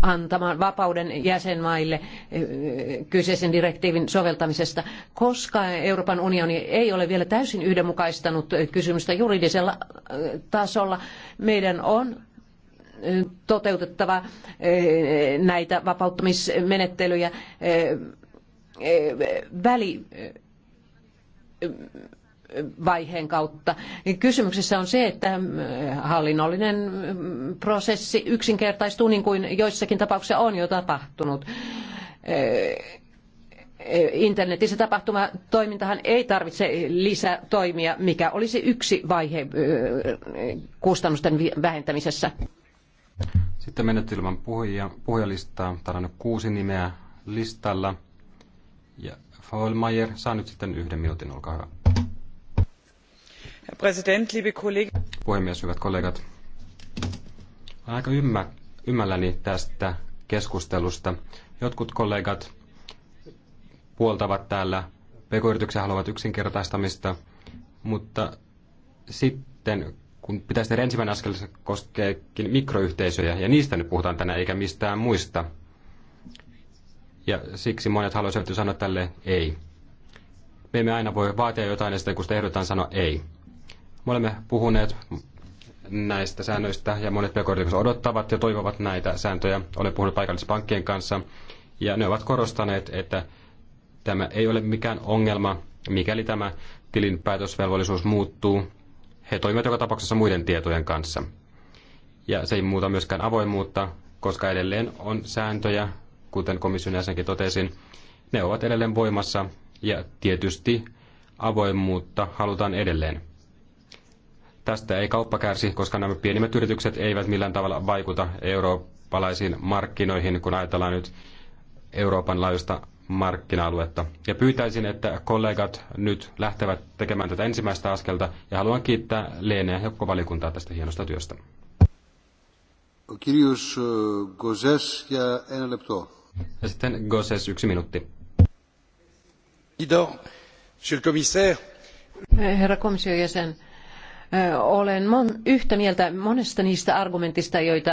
antamaan vapauden jäsenmaille kyseisen direktiivin soveltamisesta, koska Euroopan unioni ei ole vielä täysin yhdenmukaistanut kysymystä juridisella tasolla. Meidän on toteutettava eh, näitä vapauttamismenettelyjä eh, välivaiheen eh, kautta. Kysymyksessä on se, että hallinnollinen prosessi yksinkertaistuu niin kuin joissakin tapauksissa on jo tapahtunut. Internetissä tapahtuma toimintahan ei tarvitse lisätoimia, mikä olisi yksi vaihe kustannusten vähentämisessä. Sitten menet ilman puhuja, puhujalistaa. Täällä on kuusi nimeä listalla. Ja Faulmeier saa nyt sitten yhden minuutin, olkaa hyvä. liebe Puhemies, hyvät kollegat. Olen aika ymmä, ymmälläni tästä keskustelusta. Jotkut kollegat puoltavat täällä pk haluavat yksinkertaistamista, mutta sitten kun pitäisi tehdä ensimmäinen askel, se koskeekin mikroyhteisöjä, ja niistä nyt puhutaan tänään, eikä mistään muista. Ja siksi monet haluaisivat sanoa tälle ei. Me emme aina voi vaatia jotain, ja sitten kun sitä ehdotetaan sanoa ei. Me olemme puhuneet näistä säännöistä, ja monet pk odottavat ja toivovat näitä sääntöjä. Olen puhunut paikallispankkien kanssa, ja ne ovat korostaneet, että tämä ei ole mikään ongelma, mikäli tämä tilinpäätösvelvollisuus muuttuu he toimivat joka tapauksessa muiden tietojen kanssa. Ja se ei muuta myöskään avoimuutta, koska edelleen on sääntöjä, kuten komission jäsenkin totesin, ne ovat edelleen voimassa ja tietysti avoimuutta halutaan edelleen. Tästä ei kauppa kärsi, koska nämä pienimmät yritykset eivät millään tavalla vaikuta eurooppalaisiin markkinoihin, kun ajatellaan nyt Euroopan laajuista markkina-aluetta. Ja pyytäisin, että kollegat nyt lähtevät tekemään tätä ensimmäistä askelta ja haluan kiittää Leeneä ja koko valikuntaa tästä hienosta työstä. Kirjus eh, Gozes ja Enelepto. Ja sitten Gozes yksi minuutti. Herra komission jäsen, olen yhtä mieltä monesta niistä argumentista, joita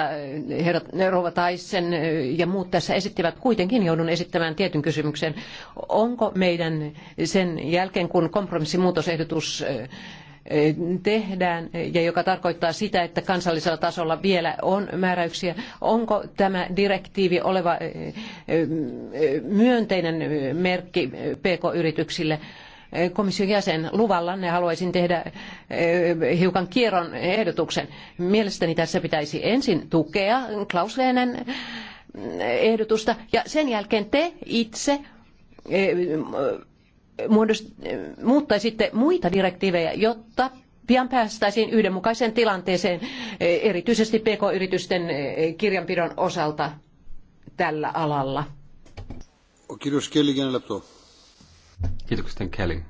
herrat Rova Taisen ja muut tässä esittivät. Kuitenkin joudun esittämään tietyn kysymyksen. Onko meidän sen jälkeen, kun kompromissimuutosehdotus tehdään ja joka tarkoittaa sitä, että kansallisella tasolla vielä on määräyksiä. Onko tämä direktiivi oleva myönteinen merkki PK-yrityksille? komission jäsen luvallanne haluaisin tehdä eh, hiukan kierron ehdotuksen. Mielestäni tässä pitäisi ensin tukea Klaus Lehnen eh, ehdotusta ja sen jälkeen te itse eh, muuttaisitte muita direktiivejä, jotta pian päästäisiin yhdenmukaiseen tilanteeseen erityisesti pk-yritysten kirjanpidon osalta tällä alalla. Kiitos, Kelly, Kiitoksia, Kelly.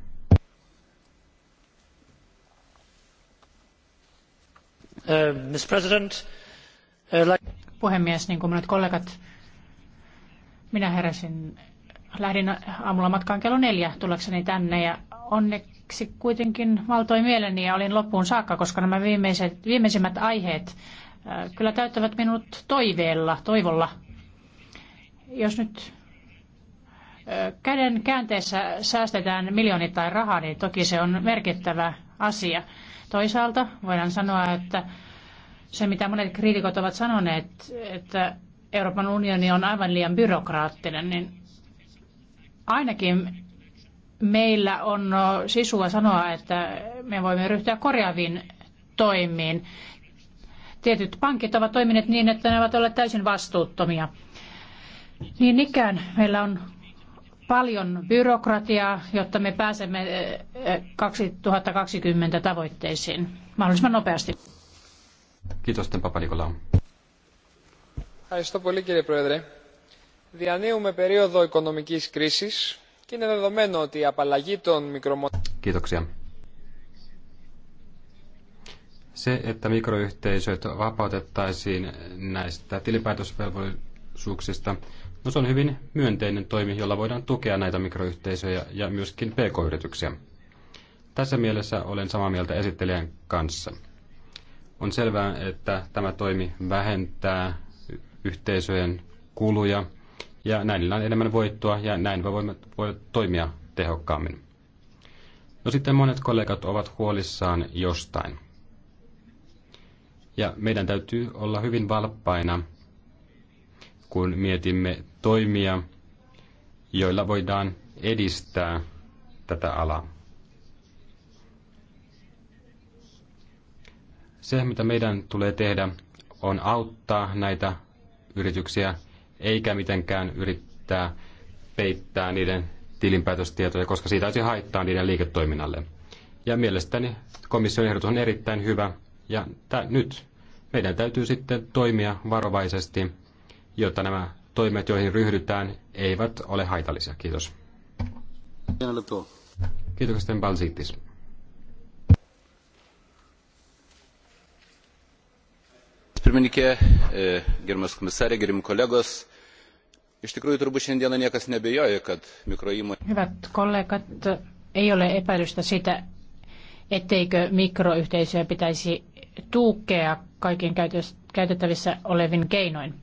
Uh, uh, puhemies niin kuin monet kollegat minä heräsin lähdin aamulla matkaan kello neljä tullakseni tänne ja onneksi kuitenkin valtoi mieleni ja olin loppuun saakka koska nämä viimeiset, viimeisimmät aiheet uh, kyllä täyttävät minut toiveella toivolla jos nyt käden käänteessä säästetään miljoonittain rahaa, niin toki se on merkittävä asia. Toisaalta voidaan sanoa, että se mitä monet kriitikot ovat sanoneet, että Euroopan unioni on aivan liian byrokraattinen, niin ainakin meillä on sisua sanoa, että me voimme ryhtyä korjaaviin toimiin. Tietyt pankit ovat toimineet niin, että ne ovat olleet täysin vastuuttomia. Niin ikään meillä on paljon byrokratiaa, jotta me pääsemme 2020 eh, eh, tavoitteisiin mahdollisimman nopeasti. Kiitos, Tempa Palikolaou. Ευχαριστώ πολύ κύριε Πρόεδρε. Διανύουμε περίοδο οικονομικής κρίσης και είναι δεδομένο ότι η απαλλαγή των Se, että mikroyhteisöt vapautettaisiin näistä tilinpäätösvelvollisuuksista, No se on hyvin myönteinen toimi, jolla voidaan tukea näitä mikroyhteisöjä ja myöskin pk-yrityksiä. Tässä mielessä olen samaa mieltä esittelijän kanssa. On selvää, että tämä toimi vähentää yhteisöjen kuluja ja näillä on enemmän voittoa ja näin voimme voi toimia tehokkaammin. No sitten monet kollegat ovat huolissaan jostain. Ja meidän täytyy olla hyvin valppaina, kun mietimme toimia, joilla voidaan edistää tätä alaa. Se, mitä meidän tulee tehdä, on auttaa näitä yrityksiä, eikä mitenkään yrittää peittää niiden tilinpäätöstietoja, koska siitä olisi haittaa niiden liiketoiminnalle. Ja mielestäni komission ehdotus on erittäin hyvä, ja t- nyt meidän täytyy sitten toimia varovaisesti, jotta nämä toimet, joihin ryhdytään, eivät ole haitallisia. Kiitos. Kiitoksia, Sten Balsiittis. pirmininke e, gerbiamas komisare gerbiami kolegos iš tikrųjų turbūt šiandieną niekas neabejoja kad mikroįmonė Hyvät kollegat, ei ole epäilystä sitä, etteikö mikroyhteisöä pitäisi tukea kaikin käytettävissä olevin keinoin.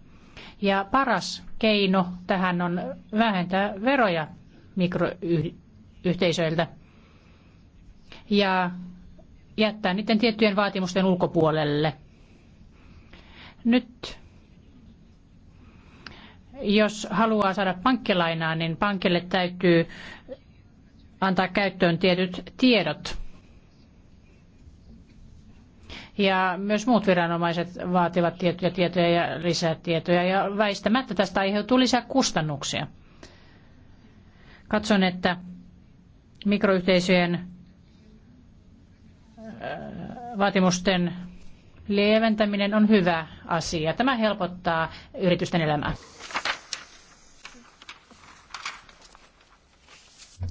Ja paras keino tähän on vähentää veroja mikroyhteisöiltä ja jättää niiden tiettyjen vaatimusten ulkopuolelle. Nyt jos haluaa saada pankkilainaa, niin pankille täytyy antaa käyttöön tietyt tiedot ja myös muut viranomaiset vaativat tiettyjä tietoja ja lisätietoja ja väistämättä tästä aiheutuu lisää kustannuksia. Katson, että mikroyhteisöjen äh, vaatimusten lieventäminen on hyvä asia. Tämä helpottaa yritysten elämää.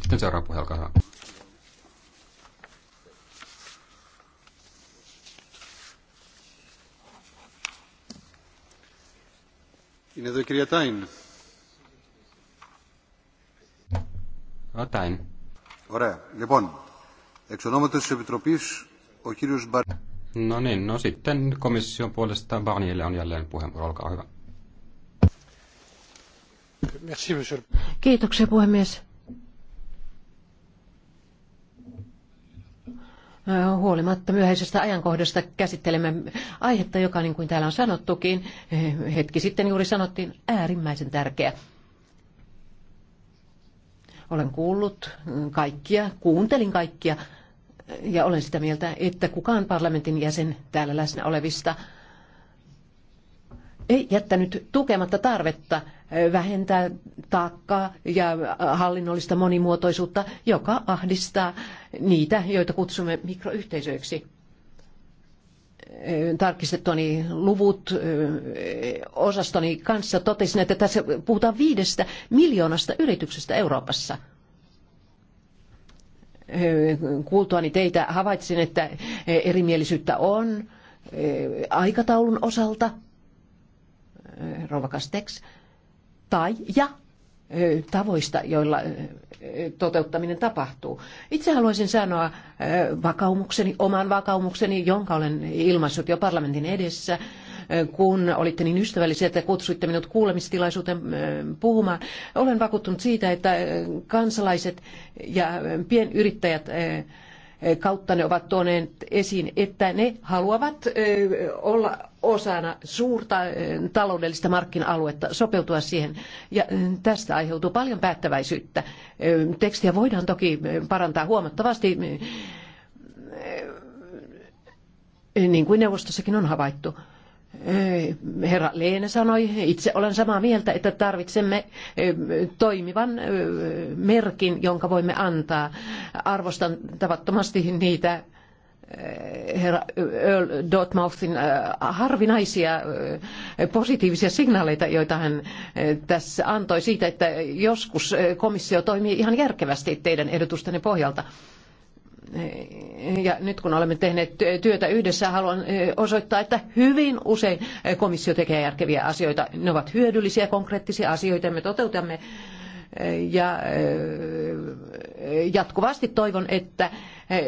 Sitten seuraava puhe, olkaa hyvä. Είναι εδώ η κυρία Τάιν. Ο, Ωραία. Λοιπόν, εξ ο Μπαρ... No niin, no sitten komission puolesta Barnierille on jälleen puheenvuoro, olkaa hyvä. Kiitoksia puhemies. Huolimatta myöhäisestä ajankohdasta käsittelemme aihetta, joka niin kuin täällä on sanottukin, hetki sitten juuri sanottiin, äärimmäisen tärkeä. Olen kuullut kaikkia, kuuntelin kaikkia ja olen sitä mieltä, että kukaan parlamentin jäsen täällä läsnä olevista ei jättänyt tukematta tarvetta vähentää taakkaa ja hallinnollista monimuotoisuutta, joka ahdistaa niitä, joita kutsumme mikroyhteisöiksi. Tarkistettuani luvut osastoni kanssa totesin, että tässä puhutaan viidestä miljoonasta yrityksestä Euroopassa – kuultuani teitä havaitsin, että erimielisyyttä on aikataulun osalta – rouva Castex, tai ja tavoista, joilla toteuttaminen tapahtuu. Itse haluaisin sanoa vakaumukseni, oman vakaumukseni, jonka olen ilmaissut jo parlamentin edessä, kun olitte niin ystävällisiä, että kutsuitte minut kuulemistilaisuuteen puhumaan. Olen vakuuttunut siitä, että kansalaiset ja pienyrittäjät kautta ne ovat tuoneet esiin, että ne haluavat olla osana suurta taloudellista markkina-aluetta, sopeutua siihen. Ja tästä aiheutuu paljon päättäväisyyttä. Tekstiä voidaan toki parantaa huomattavasti, niin kuin neuvostossakin on havaittu Herra Leene sanoi, itse olen samaa mieltä, että tarvitsemme toimivan merkin, jonka voimme antaa. Arvostan tavattomasti niitä herra Earl Dotmouthin harvinaisia positiivisia signaaleita, joita hän tässä antoi siitä, että joskus komissio toimii ihan järkevästi teidän edutustenne pohjalta ja nyt kun olemme tehneet työtä yhdessä, haluan osoittaa, että hyvin usein komissio tekee järkeviä asioita. Ne ovat hyödyllisiä, konkreettisia asioita, me toteutamme ja jatkuvasti toivon, että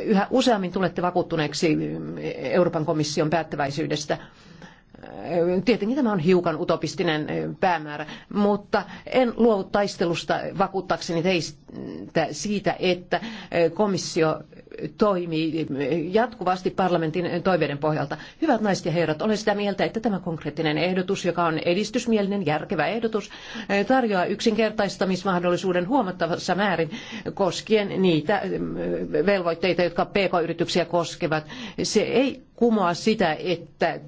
yhä useammin tulette vakuuttuneeksi Euroopan komission päättäväisyydestä. Tietenkin tämä on hiukan utopistinen päämäärä, mutta en luovu taistelusta vakuuttaakseni teistä siitä, että komissio toimii jatkuvasti parlamentin toiveiden pohjalta. Hyvät naiset ja herrat, olen sitä mieltä, että tämä konkreettinen ehdotus, joka on edistysmielinen, järkevä ehdotus, tarjoaa yksinkertaistamismahdollisuuden huomattavassa määrin koskien niitä velvoitteita, jotka PK-yrityksiä koskevat. Se ei kumoa sitä, että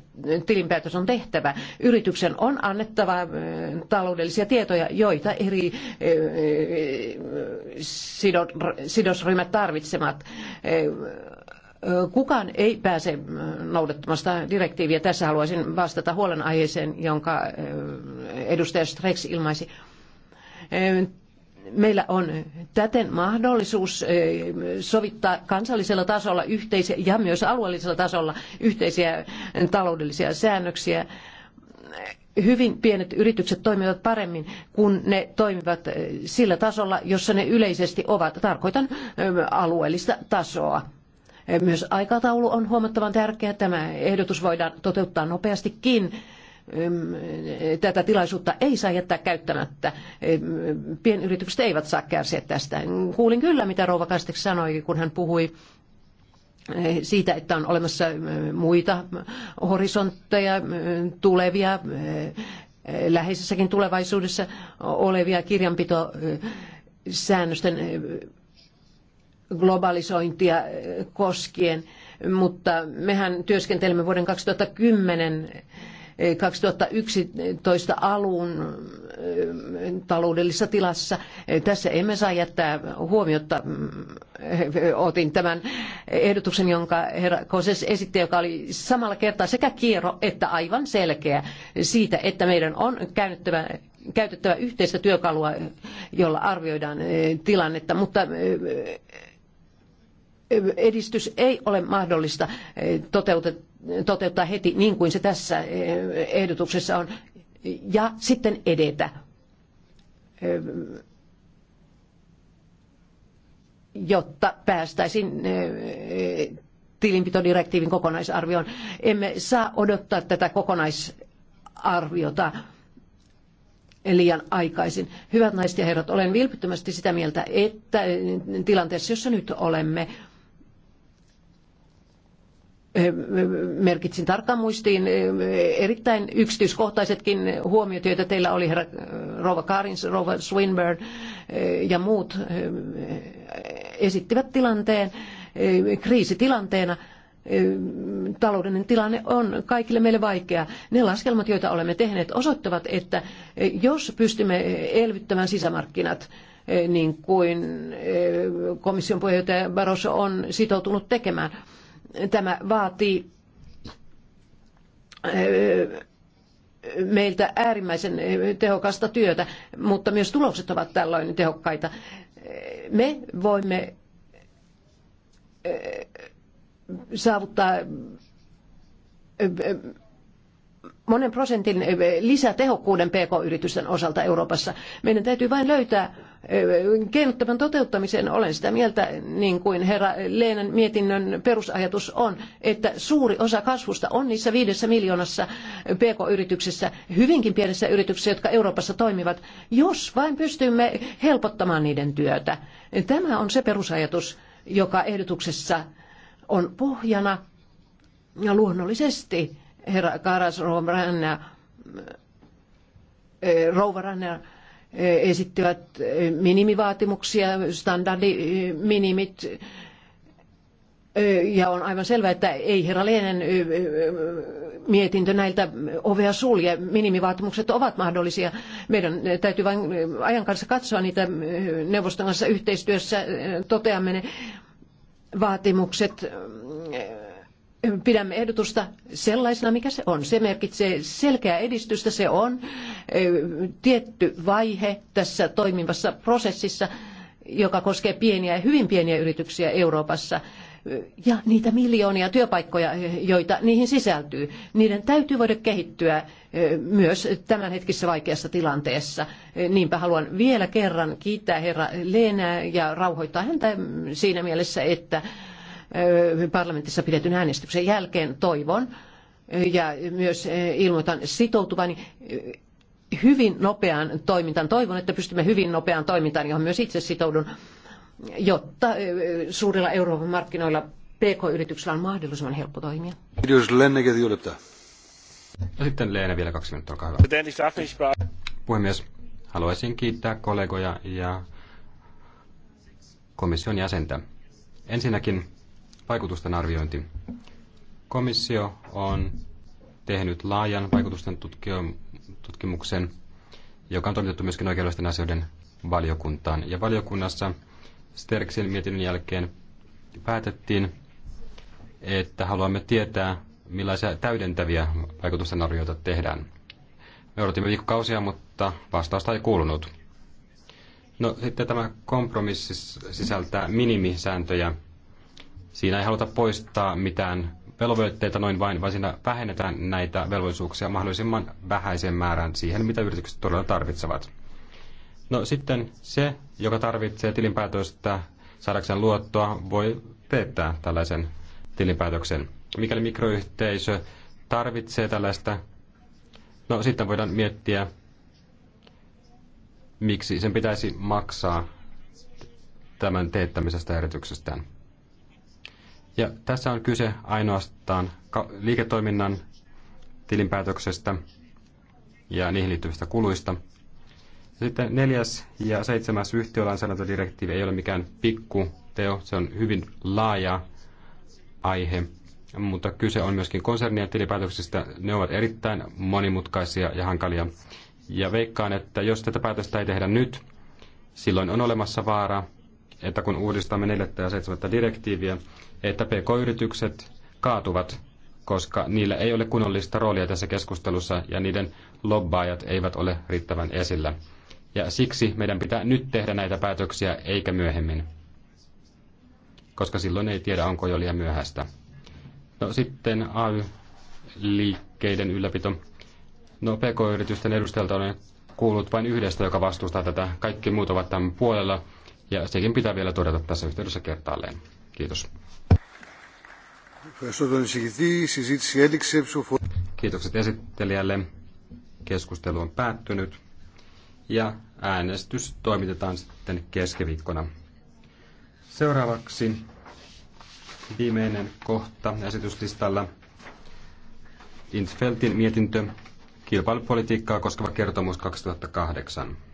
tilinpäätös on tehtävä. Yrityksen on annettava taloudellisia tietoja, joita eri sidosryhmät tarvitsevat. Kukaan ei pääse noudattamasta direktiiviä. Tässä haluaisin vastata huolenaiheeseen, jonka edustaja Strex ilmaisi meillä on täten mahdollisuus sovittaa kansallisella tasolla yhteisiä ja myös alueellisella tasolla yhteisiä taloudellisia säännöksiä. Hyvin pienet yritykset toimivat paremmin, kun ne toimivat sillä tasolla, jossa ne yleisesti ovat. Tarkoitan alueellista tasoa. Myös aikataulu on huomattavan tärkeä. Tämä ehdotus voidaan toteuttaa nopeastikin tätä tilaisuutta ei saa jättää käyttämättä. Pienyritykset eivät saa kärsiä tästä. Kuulin kyllä, mitä Rouva Kastex sanoi, kun hän puhui siitä, että on olemassa muita horisontteja, tulevia, läheisessäkin tulevaisuudessa olevia kirjanpitosäännösten globalisointia koskien, mutta mehän työskentelemme vuoden 2010 2011 alun taloudellisessa tilassa. Tässä emme saa jättää huomiota. Otin tämän ehdotuksen, jonka herra Koses esitti, joka oli samalla kertaa sekä kiero että aivan selkeä siitä, että meidän on käytettävä yhteistä työkalua, jolla arvioidaan tilannetta, mutta edistys ei ole mahdollista toteuttaa heti niin kuin se tässä eh, ehdotuksessa on ja sitten edetä. Eh, jotta päästäisiin eh, tilinpitodirektiivin kokonaisarvioon. Emme saa odottaa tätä kokonaisarviota liian aikaisin. Hyvät naiset ja herrat, olen vilpittömästi sitä mieltä, että tilanteessa, jossa nyt olemme, Eh, merkitsin tarkkaan muistiin eh, erittäin yksityiskohtaisetkin huomiot, joita teillä oli herra eh, Rova Karins, Rova Swinburne ja muut esittivät tilanteen kriisitilanteena taloudellinen tilanne on kaikille meille vaikea. Ne laskelmat, joita olemme tehneet, osoittavat, että jos pystymme elvyttämään sisämarkkinat, niin kuin komission puheenjohtaja Barroso on sitoutunut tekemään, Tämä vaatii eh, meiltä äärimmäisen eh, tehokasta työtä, mutta myös tulokset ovat tällöin tehokkaita. Eh, me voimme saavuttaa monen prosentin lisätehokkuuden pk-yritysten osalta Euroopassa. Meidän täytyy vain löytää keinottavan toteuttamiseen olen sitä mieltä, niin kuin herra Leenan mietinnön perusajatus on, että suuri osa kasvusta on niissä viidessä miljoonassa pk-yrityksessä, hyvinkin pienessä yrityksessä, jotka Euroopassa toimivat, jos vain pystymme helpottamaan niiden työtä. Tämä on se perusajatus, joka ehdotuksessa on pohjana. Ja luonnollisesti herra Karas Rouva Ranner eh, esittivät minimivaatimuksia, standardiminimit, ja on aivan selvää, että ei herra Lehnen mietintö näiltä ovea sulje. Minimivaatimukset ovat mahdollisia. Meidän täytyy vain ajan kanssa katsoa niitä neuvoston kanssa yhteistyössä. Toteamme ne vaatimukset pidämme ehdotusta sellaisena, mikä se on. Se merkitsee selkeää edistystä, se on tietty vaihe tässä toimivassa prosessissa, joka koskee pieniä ja hyvin pieniä yrityksiä Euroopassa ja niitä miljoonia työpaikkoja, joita niihin sisältyy, niiden täytyy voida kehittyä myös tämänhetkisessä vaikeassa tilanteessa. Niinpä haluan vielä kerran kiittää herra Leenää ja rauhoittaa häntä siinä mielessä, että parlamentissa pidetyn äänestyksen jälkeen toivon ja myös ilmoitan sitoutuvani hyvin nopeaan toimintaan. Toivon, että pystymme hyvin nopeaan toimintaan, johon myös itse sitoudun, jotta suurilla Euroopan markkinoilla PK-yrityksillä on mahdollisimman helppo toimia. ja sitten Leena vielä kaksi minuuttia, olkaa hyvä. Puhemies, haluaisin kiittää kollegoja ja komission jäsentä. Ensinnäkin vaikutusten arviointi. Komissio on tehnyt laajan vaikutusten tutkimuksen, joka on toimitettu myöskin oikeudellisten asioiden valiokuntaan. Ja valiokunnassa Sterksin mietinnön jälkeen päätettiin, että haluamme tietää, millaisia täydentäviä vaikutusten arvioita tehdään. Me odotimme viikkokausia, mutta vastausta ei kuulunut. No sitten tämä kompromissi sisältää minimisääntöjä, Siinä ei haluta poistaa mitään velvoitteita noin vain, vaan siinä vähennetään näitä velvollisuuksia mahdollisimman vähäisen määrän siihen, mitä yritykset todella tarvitsevat. No sitten se, joka tarvitsee tilinpäätöstä saadakseen luottoa, voi teettää tällaisen tilinpäätöksen. Mikäli mikroyhteisö tarvitsee tällaista, no sitten voidaan miettiä, miksi sen pitäisi maksaa tämän teettämisestä erityksestään. Ja tässä on kyse ainoastaan liiketoiminnan tilinpäätöksestä ja niihin liittyvistä kuluista. Sitten neljäs ja seitsemäs yhtiölainsäädäntödirektiivi ei ole mikään pikku teo, se on hyvin laaja aihe, mutta kyse on myöskin konsernien tilinpäätöksistä. Ne ovat erittäin monimutkaisia ja hankalia. Ja veikkaan, että jos tätä päätöstä ei tehdä nyt, silloin on olemassa vaara, että kun uudistamme neljättä ja seitsemättä direktiiviä, että pk-yritykset kaatuvat, koska niillä ei ole kunnollista roolia tässä keskustelussa ja niiden lobbaajat eivät ole riittävän esillä. Ja siksi meidän pitää nyt tehdä näitä päätöksiä eikä myöhemmin, koska silloin ei tiedä, onko jo liian myöhäistä. No sitten AY-liikkeiden ylläpito. No PK-yritysten edustajalta olen kuullut vain yhdestä, joka vastustaa tätä. Kaikki muut ovat tämän puolella, ja sekin pitää vielä todeta tässä yhteydessä kertaalleen. Kiitos. Kiitokset esittelijälle. Keskustelu on päättynyt ja äänestys toimitetaan sitten keskiviikkona. Seuraavaksi viimeinen kohta esityslistalla. Intfeltin mietintö kilpailupolitiikkaa koskeva kertomus 2008.